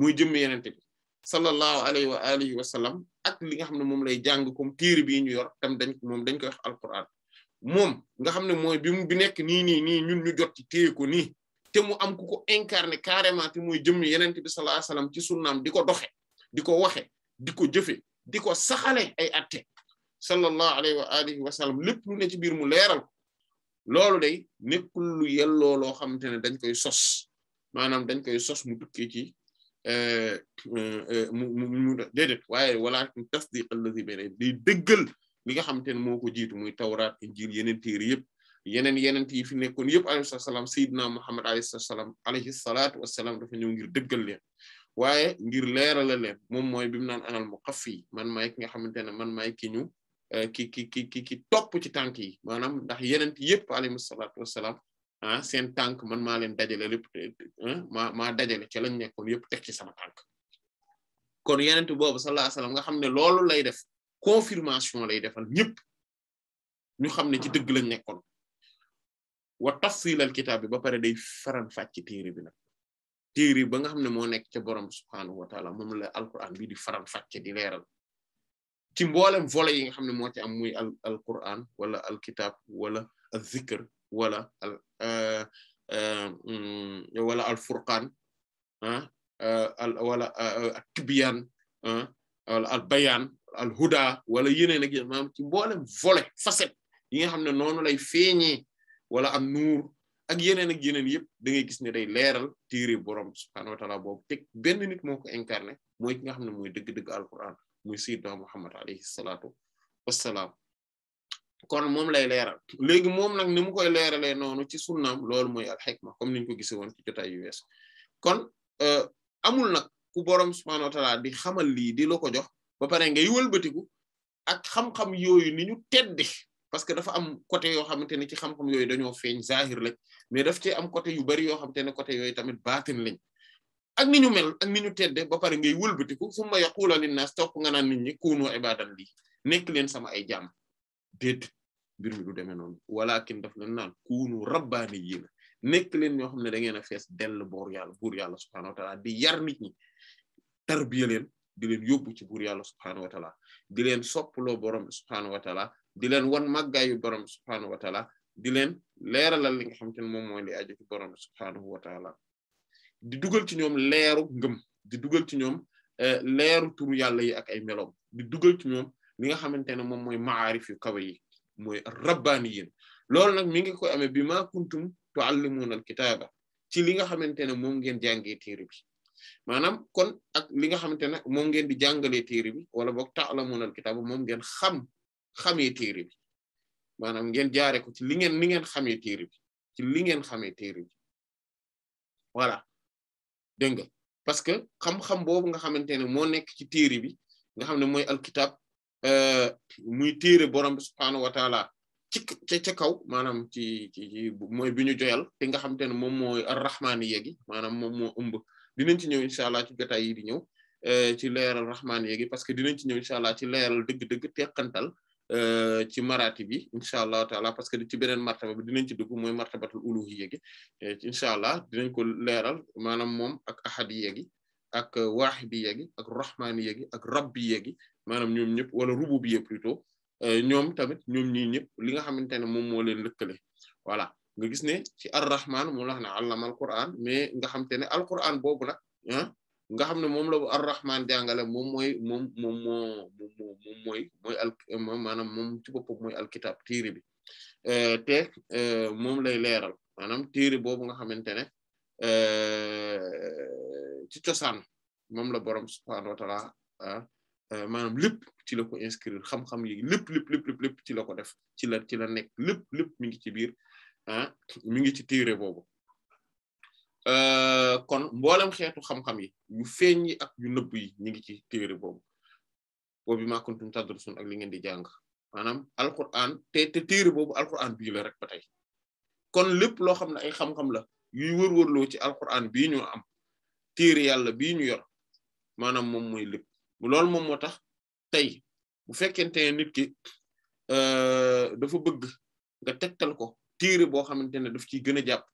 muy jëmmi yenente bi sallallahu alayhi wa alihi wa sallam ak li nga xam ne moom lay jàng comme téere bii ñu yor tam dañ moom dañ koy wax alquran moom nga xam ne bi mu bi nekk nii nii nii ñun ñu jot ci téye ko te mu am ku ko incarné carrément te muy jëmm yeneen bi sallallahu alayhi wasallam ci sunnaam di ko doxe di ko waxe di ko jëfe di ko saxale ay atte sallallahu alayhi wa alihi wa lépp lu ne ci biir mu leeral loolu day nekkul lu yelloo loo xamante ne dañ koy sos maanaam dañ koy sos mu tukkee ci euh, euh, euh, mu mu mu wala waaye walakin tasdiq allazi bayna day dëggal li nga xamante ne moo ko jiitu muy tawraat injil yeneen téere yëpp yeneen yenent yi fi nekkoon yëpp alayhi salaam sayyidina Muhammad alayhi salaam alayhi salaatu wassalaam dafa ñëw ngir dëggal leen waaye ngir leerala leen moom mooy bi mu naan anal mu xaf yi man maay ki xamante ne man maay ki ñu eh, ki ki ki ki ki topp ci tànk yi maanaam ndax yenent yëpp alayhi salaatu wassalaam ah seen tànk man maa leen dajale lépp eh, ma maa dajale ci lañ nekkoon yëpp teg ci sama tànk kon yenent boobu sallallahu alayhi nga xam ne loolu lay def confirmation lay defal ñëpp ñu xam ne ci dëgg lañ nekkoon wa tafsilal kitaab bi ba pare day faran fàcc téere bi nag ba nga xam ne moo nekk ca borom subhaanahu wa taala moom la alquran bii di faran fàcc di leeral ci mboolem volet yi nga xam ne moo ci am muy al alquran wala alkitab wala al zikr wala al euh, euh, wala al furqaan ah euh, al wala ah, al tibyaan wala al huda wala yeneen ak maanaam ci mboolem volet facette yi nga xam ne noonu lay feeñee. wala am nur ak yeneen ak yeneen yëpp da ngay gis ne day leeral téere borom subhanahu wa taala boobu teg benn nit moo ko incarné mooy ki nga xam ne mooy dëgg-dëgg alquran muy sayyidna muhammad alayhi salatu wassalaam kon moom lay leeral léegi moom nag ni mu koy leeralee noonu ci sunnaam loolu mooy alxikma comme niñ ko gise woon ci jotaay yu wees kon euh, amul nag ku borom subhanahu wa taala di xamal lii di la ko jox ba pare ngay wëlbatiku ak xam-xam yooyu ni ñu teddi parce que dafa am côté yoo xamante ne ci xam-xam yooyu dañoo feeñ zahir lañ mais daf ci am côté yu bari yoo xamante ne côté yooyu tamit baatin lañ ak ni ñu mel ak ni ñu tedde ba pare ngay wëlbatiku summa yaqulu linnaas topp nga naan ni ñi kunu ibadan lii nekk leen sama ay jàmm déet mbir mi du demee noonu walakin daf leen naan kunu rabbaaniyiina nekk leen ñoo xam ne da ngeen a fees dell boor yàlla buur yàlla subhaanahu wa taala di yar nit ñi tarbiya leen di leen yóbbu ci buur yàlla subhaanahu wa taala di leen soppaloo borom subhaanahu di won wan yu borom subhanahu wa taala di len leeralal li nga xamante mom moy li aji ci borom subhanahu wa taala di duggal ci ñoom leru ngëm di duggal ci ñoom eh, leru turu yalla yi ak ay melom di duggal ci ñoom li nga xamantene mom moy maarif yu kaway yi moy rabbaniyin lool nak mi ngi koy amé bima kuntum tuallimuna al-kitaba ci li nga xamantene mom ngeen jangé téré bi manam kon ak li nga xamantene mom ngeen di jangalé téré bi wala ta'lamuna al-kitaba mom ngeen xam xamé téré bi manam ngeen jaaré ko ci li ngeen ni ngeen xamé téré bi ci li ngeen xamé téré bi voilà dégg parce que xam-xam bobu nga xamante mo ci téré bi nga xamné moy alkitab alkitab euh, muy téré borom subhanahu wa taala ci ci kaw manam ci ci moy biñu ñu joyal te nga xamante mom moy ar-rahman yegi manam mom mo ëmb dinañ ci ñew inshallah ci jotaay yi di ñëw euh, ci leral rahman yegi parce que dinañ ci ñew inshallah ci leral deug deug tekantal Euh, ci maraati bi incha allah taala parce que ci beneen martaba bi dinañ ci dugg mooy martabatul uluhiyya gi incha allah dinañ ko leeral maanaam moom ak ahadiyya gi ak wahidiyya gi ak rahmaniyya gi ak rabbiyya gi maanaam ñoom ñëpp wala rububiyya plutôt euh, ñoom tamit ñoom ñii ñëpp li nga xamante ne moom moo leen lëkkale voilà nga gis ne ci ar-rahman mu la wax ne allama al-Qur'an mais nga xamante ne al-Qur'an boobu nag ah nga xam ne moom la bo rahman jàngale moom mooy moom moom moo moom mooy mooy al maanaam moom ci boppam mooy alkitab téere e eh, te eh, moom lay leeral maanaam téere boobu nga xamante ne eh, ci cosaan moom la borom subhaanahu wa taala ah, maanaam lépp ci la ko inscrire xam-xam yi lépp lépp lépp lépp ci la ko def ci la ci la nekk lépp lépp mi ngi ci biir ah mi ngi ci téere boobu. Euh, kon mbolam xeetu xam-xam yi ñu feeñ yi ak ñu neub yi ñi ngi ci téere boobu boobu maa kuntum tadrusun ak li ngeen di jang manam alquran té te téere alquran bi la rek ba kon lepp lo xamna ay xam-xam la yu wër lo ci alquran bi ñu am téere yalla bi ñu yor manam mom moy lepp loolu moom moo tax bu fekkente nit ki euh, dafa bëgg nga tektal ko téere bo xamantene daf ci gëna japp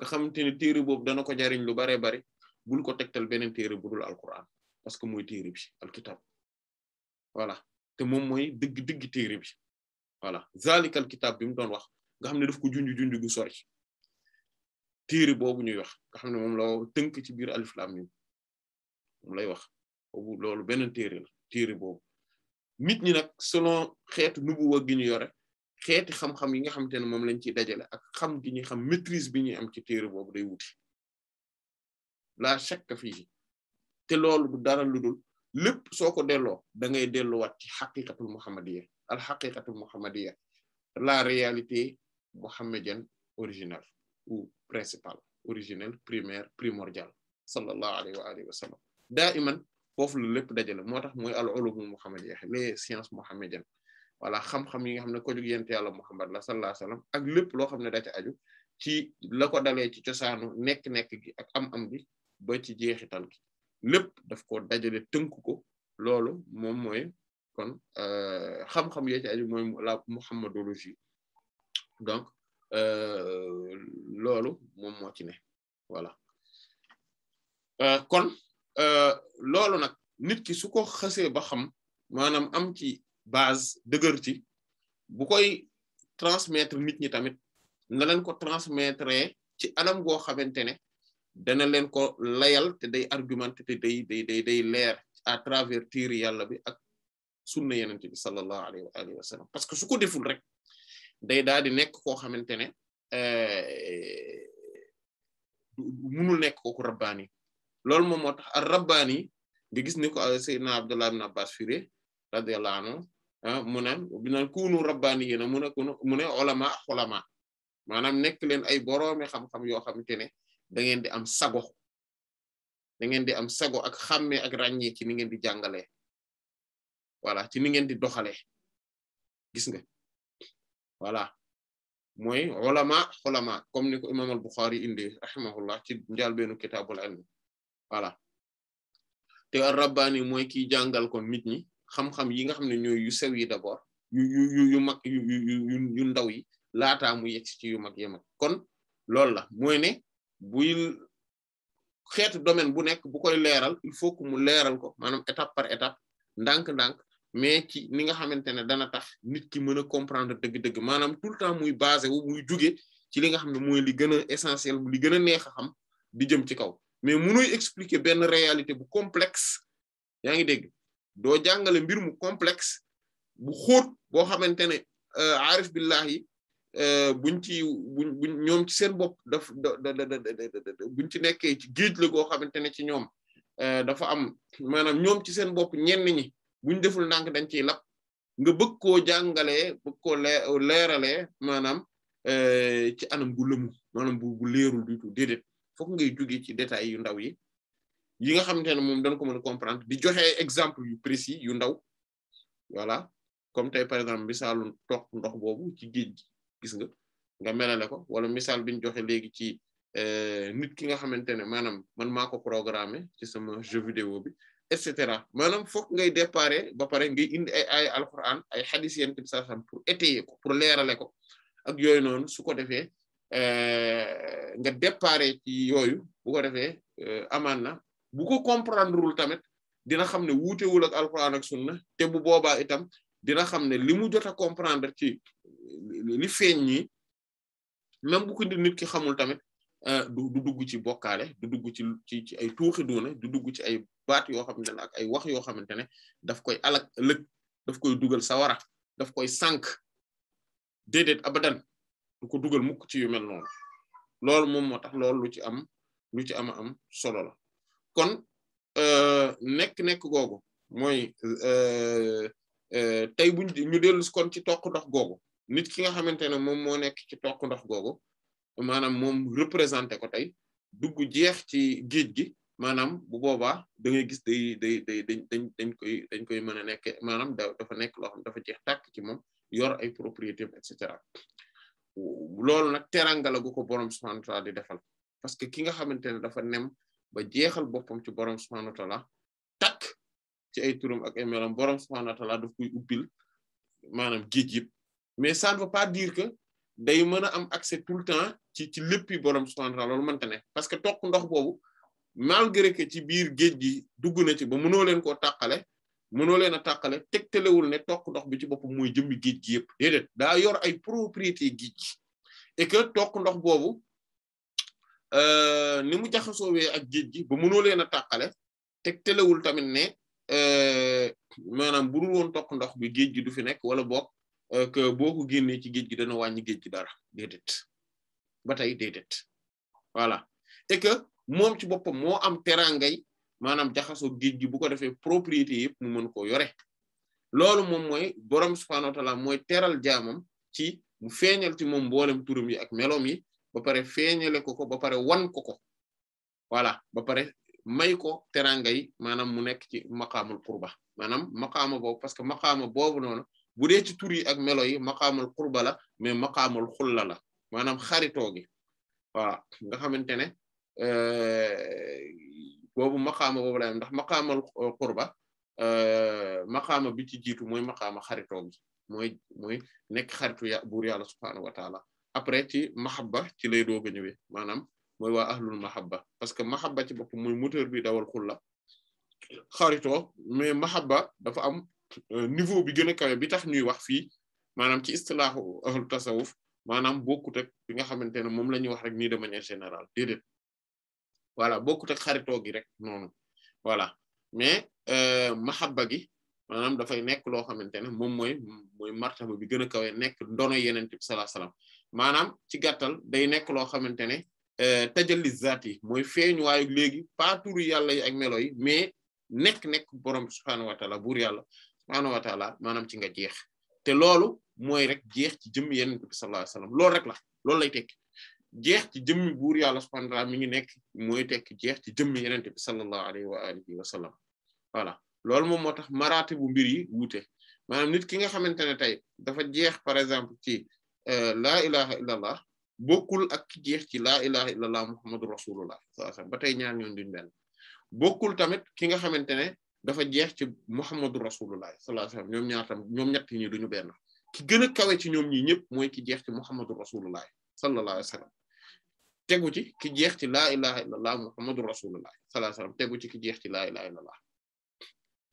nga xamante ne téere boobu dana ko jariñ lu baree bari bul ko tegtal beneen téere bu dul alquran parce que mooy téere bi alkitab voilà te moom mooy dëgg dëgg téere bi voilà zalikal kitab bi mu doon wax nga xam ne daf ko junj junj gu sori téere boobu ñuy wax nga xam ne moom la tënk ci biir alif lam mim moom lay wax boobu loolu beneen téere la téere boobu nit ñi nag selon xeetu nubuwa gi ñu yore xeeti xam-xam yi nga xamante ne moom lañ ci dajale ak xam gi ñuy xam maîtrise bi ñuy am ci téere boobu day wuti la shakka fii te loolu du dara lu dul lépp soo ko delloo da ngay delluwaat ci xaqiqatul muhammadiya al xaqiqatul muhammadiya la réalité muhammadienne original ou principal original primaire primordial. sallallahu alayhi wa alihi wa sallam iman foofu la lépp dajale moo tax mooy al ulumul muhammadiya les sciences muhammadiennes wala xam xam-xam yi nga xamne ko jug yent yàlla Muhammad la sallallahu alayhi wasallam ak lépp lo xamne da ci aju ci lako dalé ci ciosanu nek nek gi ak am-am bi ba ci jeexital gi lépp daf ko dajale teunk ko lolu mom moy kon euh xam-xam ye ci aju moy la muhammadologie donc euh lolu mom mo ci ne voilà kon euh lolu nak nit ki suko xasse ba xam manam am ci base dëgër ci bu koy transmettre nit ñi tamit na leen ko transmettre ci anam goo xamante ne dana leen ko layal te day argumenté te day day day day leer à travers téere yàlla bi ak sunna yenente bi sallallahu alayhi wa parce que su ko deful rek day daal di nekk koo xamante ne euh, munul nekk ko rabbaani loolu moom moo tax ar rabbaani nga gis ni ko Seydina Abdullah ibn Abbas firé radiyallahu ah mu naan bi naan kuunu rabbaaniyiina mu ne kuunu mu ne ulama xulama maanaam nekk leen ay boroomi xam-xam yoo xamante ne da ngeen di am sago da ngeen di am sago ak xàmmee ak ràññee ci ni ngeen di jàngalee voilà ci ni ngeen di doxalee gis nga voilà. mooy ulama xulama comme niko ko imaam al Buxaari indi rahimahullah ci njàlbeenu kitaabul ilm voilà te ar-rabbaani mooy kiy jàngal kon nit ñi xam-xam yi nga xam ne ñooy yu sew yi d'abord yu yu yu yu mag yu yu yu ndaw yi laataa mu yegg ci yu mag yi mag kon loolu la mooy ne buy xeetu domaine bu nekk bu koy leeral il mu leeral ko maanaam étape par étape ndànk-ndànk mais ci ni nga xamante ne dana tax nit ki mën a comprendre dëgg-dëgg maanaam tout le temps muy basé wu muy juge ci li nga xam ne mooy li gën a essentiel li gën a neex a xam di jëm ci kaw mais munuy expliquer benn réalité bu complexe yaa ngi dégg doo jàngale mbir mu complexe bu xóot boo xamante ne euh, aarif billahi euh, buñ ci buñ buñ ñoom ci seen bopp daf da da da buñ ci nekkee ci géej la goo xamante ne ci ñoom euh, dafa am maanaam ñoom ci seen bopp ñenn ñi buñ deful ndànk dañ ciy lap nga bëgg koo jàngalee bëgg koo leeralee maanaam ci anam bu lëmu maanaam bu bu leerul du tout déedéet fokk ngay jóge ci détails yu ndaw yi yi nga xamantene mom dañ ko mën comprendre di joxe exemple yu précis yu ndaw voilà comme tay par exemple misaalu toog ndox bobu ci géej gi gis nga nga melale ko wala misal biñ joxe léegi ci euh nit ki nga xamantene manam man mako programmer ci sama jeu vidéo bi et cetera manam fokk ngay déparé ba pare ngay indi ay ay alquran ay hadith yéen kii sax pour étayer ko pour leerale ko ak yoy non su ko euh nga déparé ci yooyu bu ko défé euh, amaan na. bu ko comprendre comprendrewul tamit dina xam ne wuutewul ak alquran ak sunna te bu boobaa itam dina xam ne li mu jot a comprendre ci li feeñ ñi même bu ko nit ki xamul tamit euh, du dugg ci bokkaale du dugg ci ci ci ay tuuxi duuna du dugg ci ay baat yoo xamante ne ak ay wax yoo xamante ne daf koy alak ëllëg daf koy dugal sawara daf koy sànq déedéet abadan du ko dugal mukk ci yu mel noonu loolu moom moo tax loolu lu ci am lu ci am am solo la kon nekk-nekk euh, googu mooy euh, euh, tey buñ ñu dellu kon ci toq ndox googu nit ki nga xamante ne moom moo nekk ci toq ndox googu maanaam moom représenté ko tey dugg jeex ci géej gi maanaam bu boobaa da ngay gis day day day dañ dañ koy dañ koy mën a nekk maanaam dafa nekk loo dafa jeex tàkk ci moom yor ay propriété et cetera loolu nag teranga la gu ko borom subhanahu wa di defal parce que ki nga xamante ne dafa nem ba jeexal boppam ci borom subhaanahu wa taala tak ci ay turam ak ay melam borom subhaanahu wa taala daf koy ubbil maanaam géej yëpp mais ça ne veut pas dire que day mën a am accès tout le temps ci ci léppi borom subhaanahu wa taala loolu mënta ne parce que toq ndox boobu malgré que ci biir géej gi dugg na ci ba mënoo leen koo tàqale mënoo leen a tàqale tegtalewul ne tok ndox bi ci boppam muy jëmmi géej gi yëpp déedéet daa yor ay propriété géej gi tok ndox boobu Euh, ni mu we ak géej gi ba mënoo leena takale tek telewul tamit ne euh, manam bu dul woon ndox bi du fi nek wala bok ke euh, boo genné ci géej gi dana wañ géej gi dara dedet batay dedet voilà et que mom ci bopam mo am terangay manam jaxaso géej gi bu ko defé propriété yep mu mën ko yoré lolu mom moy borom subhanahu wa taala moy teral jamam, ci mu feñal ci mom turum yi ak melom yi. ba pare feeñale ko ko ba pare wan ko ko voilà ba pare may ko teranga yi maanaam mu nekk ci maqaamul qurba maanaam maqaama boobu parce que maqaama boobu noonu bu dee ci tur ak melo yi maqaamul qurba la mais maqaamul xulla la maanaam xaritoo gi nga xamante ne euh, boobu maqaama boobu la am ndax maqaamal euh, qurba euh, maqaama bi ci jiitu mooy maqaama xaritoo gi mooy mooy nekk xaritu ya buur yàlla subhaanahu après ci mahabba ci lay doog a ñëwee maanaam mooy waa ahlul mahabba parce que mahabba ci bopp mooy moteur bi dawal xulla xaritoo mais mahabba dafa am euh, niveau bi gën a kawe bi tax ñuy wax fii maanaam ci istilaahu ahlu tasawuf maanaam bokkut ak bi nga xamante ne moom la ñuy wax rek nii de manière générale déedéet voilà bokkut ak gi rek noonu voilà mais euh, mahabba gi maanaam dafay nekk loo xamante ne moom mooy mooy martaba bi gën a kawe nekk ndono yeneen bi sallallahu maanaam ci gàttal day nekk loo xamante ne euh, tajalli zaat yi mooy feeñu waayu léegi pas turu yàlla yi ak melo yi mais nekk-nekk borom bi subhaanahu wa taala buur yàlla subhaanahu maanaam ci nga jeex te loolu mooy rek jeex ci jëm yenent bi sallallahu alayhi wasallam rek la loolu lay tekki jeex ci jëmmi buur yàlla subhaanahu wa taala mi ngi nekk mooy tekki jeex ci jëmmi yenent bi sallallahu alayhi tax maraate bu mbir yi wuute maanaam nit ki nga xamante ne tey dafa jeex par exemple ci E, laa ilaha illallah bokkul ak ki jeex ci laa ilaha illallah muhammadu rasulullah sallallahu alayhi ba tey ñaar ñoon duñ benn bokkul tamit ki nga xamante ne dafa jeex ci muhammadu rasulullah sallallahu alayhi wasallam ñoom ñaar ñoom ñett ñi duñu benn ki gën a kawe ci ñoom ñi ñëpp mooy ki jeex ci muhammadu rasulullah sallallahu alayhi wasallam tegu ci ki jeex ci laa ilaha illallah muhammadu rasulullah sallallahu alayhi wasallam tegu ci ki jeex ci laa ilaha illallah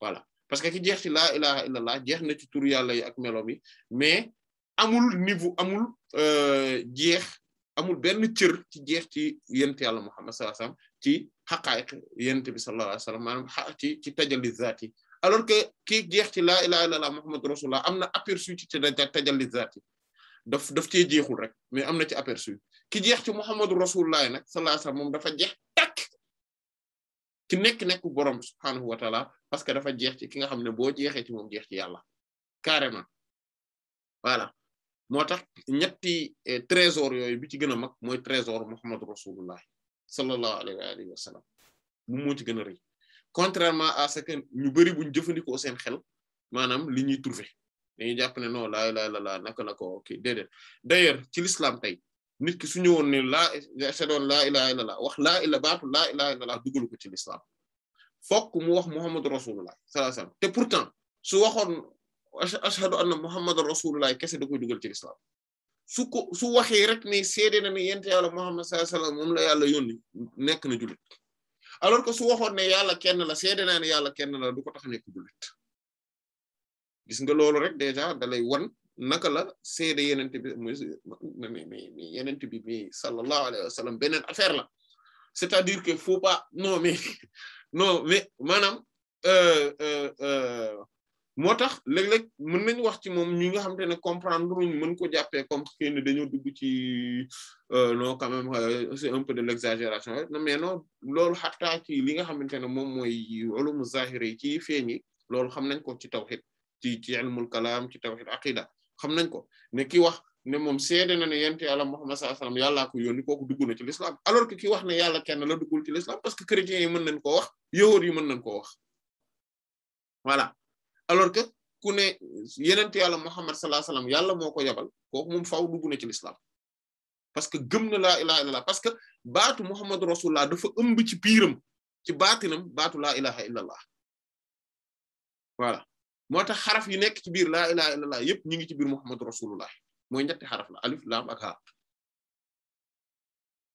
voilà parce que ki laa jeex na ci tur yàlla yi ak meloom yi mais amul niveau amul euh, jeex amul benn cër ci jeex ci yent yàlla Muhammad sallallahu alayhi wasallam ci xaqaayiq yent bi sallallahu alayhi wasallam ci ci tajalli alors que ki jeex ci laa ilaha illallah Muhammad rasulullah am na aperçu ci tajalli zaat yi daf daf cee jeexul rek mais am na ci aperçu ki jeex ci Muhammadu rasulullah nag sallallahu alayhi moom dafa jeex takk ci nekk-nekk borom subhaanahu wa parce que dafa jeex ci ki nga xam ne boo jeexee ci moom jeex ci yàlla carrément motax ñetti trésor yoy bi ci gëna mag moy trésor muhammad Rasulullah sallallahu alayhi wa alihi wa sallam moom moo ci gëna reuy contrairement à ce que ñu bari buñu jëfëndiko seen xel manam li ñuy trouver dañu jàpp ne non la la la nak nak ok dédé d'ailleurs ci l'islam tay nit ki suñu won ne la laa don la ilaha illa wax la ilaha ba la ilaha illa dugalu ko ci l'islam fokk mu wax muhammad Rasulullah sallallahu alayhi wa sallam te pourtant su waxoon ashhadu anna muhammadan rasulullah kese da koy dugal ci lislaam su ko su waxee rek ne seede na ne yent yàlla muhammad sallallahu alayhi moom la yàlla yónni nekk na jullit alors que su waxoon ne yàlla kenn la seede naa ne yàlla kenn la du ko tax nekk jullit gis nga loolu rek déjà lay wan naka la seede yenent bi mais mais yenent bi mais sallallahu alayhi wasallam beneen affaire la c'est-à-dire que faut pas non mais <laughs> non mais euh euh, euh moo tax léeg-léeg mën nañu wax ci moom ñi nga xamante ne comprendre luñ mën ko jàppee comme xëy na dañoo dugg ci euh, non quand même euh, c'est un peu de l'exagération mais non loolu xataa ci li nga xamante ne moom mooy ulumu zahir yi ci feeñ yi loolu xam nañ ko ci tawhid ci ci ilmul kalaam ci tawhid aqida xam nañ ko ne ki wax ne moom seede na ne yonent Yàlla Muhammad sallallahu alayhi wasallam ko yónni kooku dugg na ci l'islam alors que ki wax ne yàlla ken la duggul ci l'islam parce que chrétiens yi mën nañ koo wax yawóor yi mën nañ koo wax voilà alors que ku ne yenent yàlla Muhammad sallallahu alayhi wasallam yàlla moo ko yabal kooku moom faaw dugg na ci l'islam parce que gëm na laa ilaha illallah parce que baatu Muhammad rasulullah dafa ëmb ci biiram ci baatinam baatu laa ilaha illallah voilà moo tax xaraf yi nekk ci biir la ilaha illallah yëpp ñu ngi ci biir Muhammad rasulullah mooy ñetti xaraf la alif laam ak haa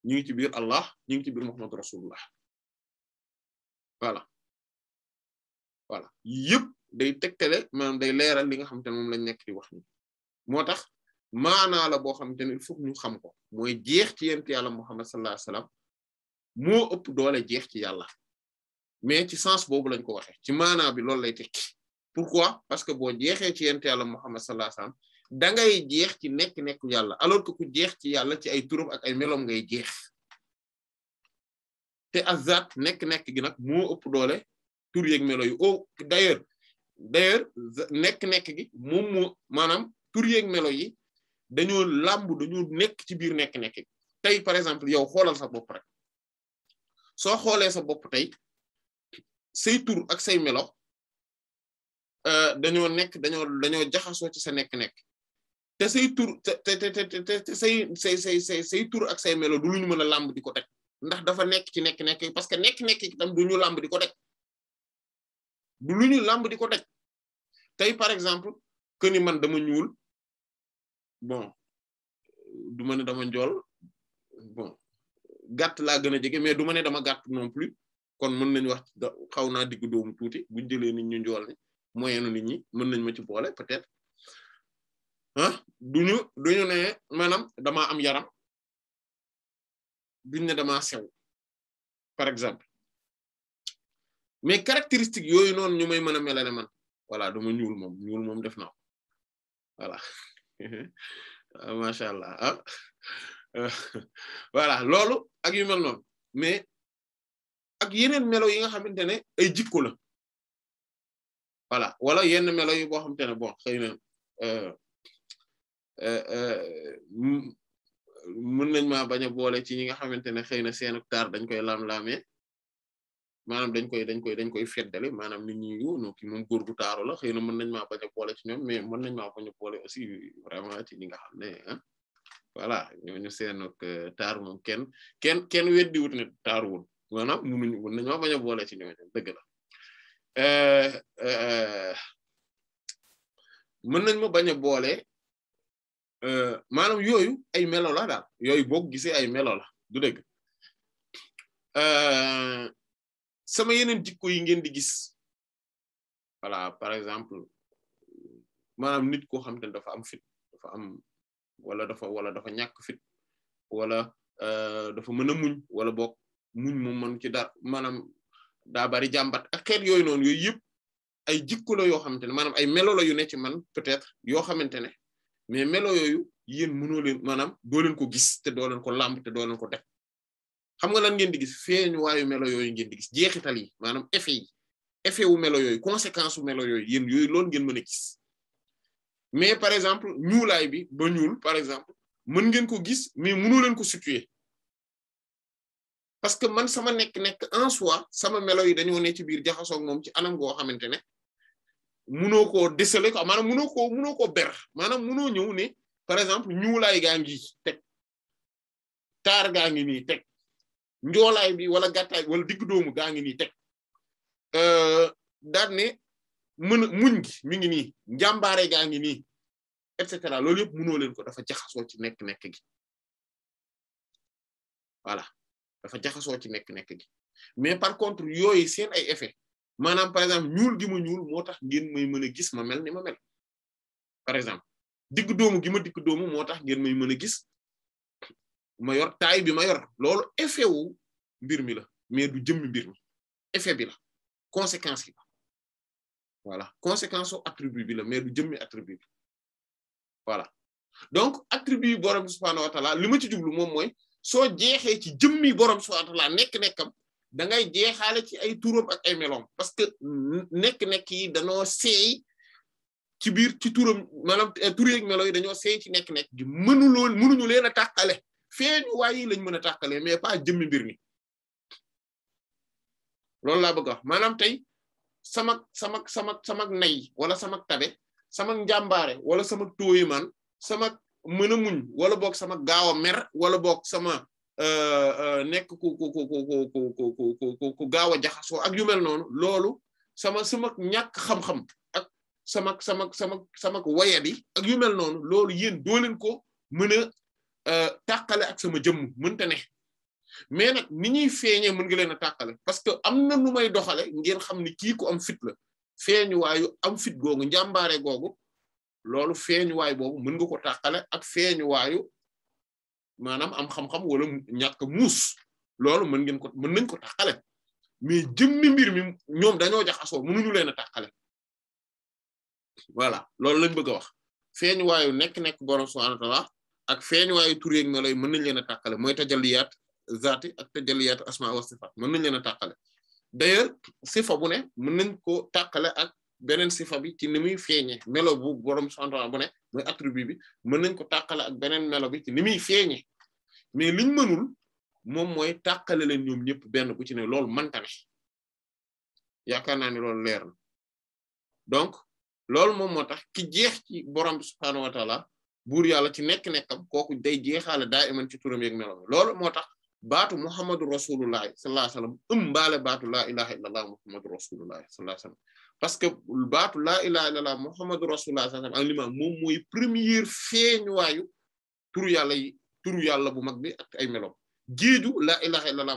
ñu ngi ci biir Allah ñu ngi ci biir Muhammad rasulullah voilà voilà day tegtale maanaam day leeral li nga xamante ne moom lañ nekk di wax moo tax maanaa la boo xamante ne il faut ñu xam ko mooy jeex ci yent yàlla Muhammad sallallahu alayhi wasallam moo ëpp doole jeex ci yàlla mais ci sens boobu lañ ko waxee ci maanaa bi loolu lay tekki pourquoi parce que boo jeexee ci yent yàlla Muhammad sallallahu alayhi wasallam da ngay jeex ci nekk-nekku yàlla alors que ku jeex ci yàlla ci ay turam ak ay melom ngay jeex te azat nekk-nekk gi nag moo ëpp doole tur melo yu oh d'ailleurs d'ailleurs nek nek gi moom manam tour tur yeeg melo yi dañu lamb dañoo nek ci bir nek nek tay par exemple yow xolal sa bop rek so xolé sa bop tay sey tour ak sey melo euh dañu nek dañu dañu jaxaso ci sa nek nek te sey tour te te te te te sey sey sey sey sey tour ak sey melo du luñu mëna lamb diko tek ndax dafa nek ci nek nek parce que nek nek itam duñu lamb diko tek du luñu lamb diko di tay par exemple que ni man dama ñuul bon du ma ne dama njool bon gatt la gëna jëgé mais du dama gatt non plus kon mën nañ wax xawna digg doom touti buñ jëlee nit ñu njool ni moyenu nit ñi mën nañ ma ci bolé peut-être hein duñu duñu né manam dama am yaram duñ ne dama sew par exemple mais caractéristique yooyu noonu ñu may mën a melale man voilà dama ñuul moom ñuul moom def na voilà <laughs> macha allah ah. <laughs> voilà loolu ak mais ak yeneen melo yi nga xamante ne ay jikko la voilà wala yenn melo yi boo xamante ne bon xëy na euh, euh, euh, mën nañ maa bañ a boole ci ñi nga xamante ne xëy na seen taar dañ koy lam-laamee manam dañ koy dañ koy dañ koy fédalé manam nit ñi yoonu ki moom góor gu taaru la xeyna mën nañ ma bañ bolé ci ñom mais mën nañ ma bañ bolé aussi vraiment ci li nga xam ne ah ñu ñooñu seen ak euh, taar moom kenn kenn kenn weddiwut ne taaruwul maanaam ñu euh, euh, mën nañ ma bañ bolé ci ñom dëgg la mën nañ ma bañ bolé euh manam yoyu ay melo la dal yoyu bok gisé ay melo la du dëgg sama yenen jikko yi ngeen di gis voilà par exemple manam nit ko xam dafa am fit dafa am wala dafa wala dafa ñak fit wala euh, dafa mën muñ wala bok muñ mu man ci dar manam da bari jambat ak xet yoy non yoy yep ay jikko la yo xamante ne ay melo la yu ne ci man peut-être yo xamantene mais melo yoyu yeen mënoo leen manam do leen ko gis te do leen ko lamb te do leen ko def xam nga lan ngeen di gis feeñuwaayu melo yoy ngeen di gis jeexital yi manam effet yi effet wu melo yoy conséquence wu melo yoy yeen yoy loolu ngeen mën gis mais par exemple ñuulaay bi ba ñuul par exemple meun ngeen ko gis mais mënu leen ko situer parce que man sama nek nek en soi sama melo yi dañu ne ci biir jaxasoo ak mom ci anam go xamantene ne ko koo ko manam maanaam ko koo ko ber manam mënoo ñëw ne par exemple ñuulaay gaa ngi teg taar gaa ngi nii njoolaay bi wala gàttaay wala dig doomu gaangi ni tek euh daan ne mën muñ gi mi ngi ni njambaare gaangi ni et cetera lolou yep mënoo leen ko dafa jaxaso ci nek nek gi voilà dafa jaxaso ci nek nek gi mais par contre yoy seen ay effet manam par exemple ñuul gi ma ñuul motax ngeen may gis ma melni ma mel par exemple dig doomu gi ma dig doomu motax ngeen may gis ma yor taay bi ma yor loolu effet mbir mi la mais du jëmmi mbir mi effet bi la conséquence yi voilà conséquence au attribut bi la du jëmmi attribut bi voilà donc attribut borom subhaanahu wa taala li ma ci jublu moom mooy soo jeexee ci jëmmi borom subhaanahu wa taala nekk-nekkam dangay jeexaale ci ay turam ak ay meloom parce que nekk-nekk yi dañoo seey ci biir ci turam maanaam eh, tur ak dañoo seey ci nekk-nekk gi mënuloo mënuñu leen a tàqale feeñu waay yi lañ mën a tàqalee mais pas jëmmi mbir mi loolu laa bëgg maanaam tey sama sama sama sama nay wala sama tabe sama njàmbaare wala sama tooyi man sama mën wala boog sama gaaw a mer wala boog sama nekk ku ku ku ku ku ku ku gaaw a jaxasoo ak yu mel noonu loolu sama sama ñàkk xam-xam ak sama sama sama sama waya bi ak yu mel noonu loolu yéen ko mën Euh, tàqale ak sama jëmm mënta ne mais nag ni ñuy feeñee mën nga leen a tàqale parce que am na nu may doxale ngeen xam ni kii am fit la feeñuwaayu am fit googu njàmbaare googu loolu feeñuwaay boobu mën nga ko tàqale ak feeñuwaayu maanaam am xam-xam wala ñàkk muus loolu mën ngeen ko mën nañ ko tàqale mais jëmmi mbir mi ñoom dañoo jaxasoo mënuñu leen a tàqale voilà loolu lañ bëgg a wax feeñuwaayu nekk-nekk borom subhanahu wa ak feeñuwaayu tur yeeg melo yi mën nañ leena takalé moy tajaliyat zati ak tajaliyat asmaa wa sifat mën nañ leena takalé d'ailleurs sifa bu né mën nañ ko takalé ak benen sifa bi ci nimuy feñé melo bu borom santoa bu né moy attribut bi mën nañ ko takalé ak benen melo bi ci nimuy feñé mais liñ mënul mom moy takalé leen ñoom ñëpp benn bu ci né lool man ne yaakaar naa ne loolu leer donc lool mom motax ki jeex ci borom subhanahu wa taala buur yàlla ci nekk-nekkam kooku day jeexaale daa iman ci turam yeeg melam loolu moo tax baatu muhammadu rasulullahi sallallahu alayhi wa sallam ëmbaale baatu laa ilaha illallah muhammadu rasulullahi sallallahu alayhi parce que baatu laa ilaha illallah muhammadu rasulullahi sallallahu alayhi wa sallam moom mooy première bu mag bi ak ay meloom géeju laa ilaha illallah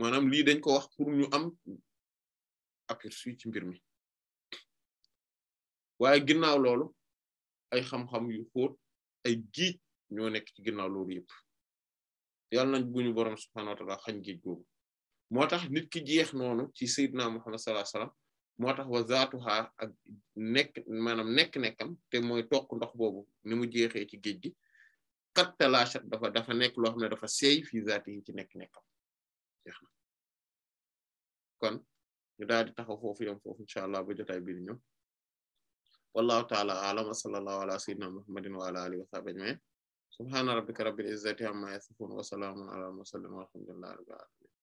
maanaam lii dañ ko wax pour ñu am aperçu ci mbir mi waaye ginnaaw loolu ay xam-xam yu xóot ay géej ñoo nekk ci ginnaaw loolu yëpp yàlla nañ buñu boroom subhaanahu wa xañ géej googu moo tax nit ki jeex noonu ci sayyidina Muhammad sallallahu alayhi moo tax wa zaatuha ak nekk maanaam nekk-nekkam te mooy toq ndox boobu ni mu jeexee ci géej gi kat talaashat dafa dafa nekk loo xam ne dafa seey fii zaati yi ci nekk-nekkam jeex na kon ñu daal di taxaw foofu yom foofu incha allah ba jotaay bi di ñëw wallahu taala a'lam wa sallallahu ala sayyidina muhammadin wa ala alihi wa sahbihi ajma'in subhana rabbika rabbil izzati amma yasifun wa salamun ala mursalin walhamdulillahi rabbil alamin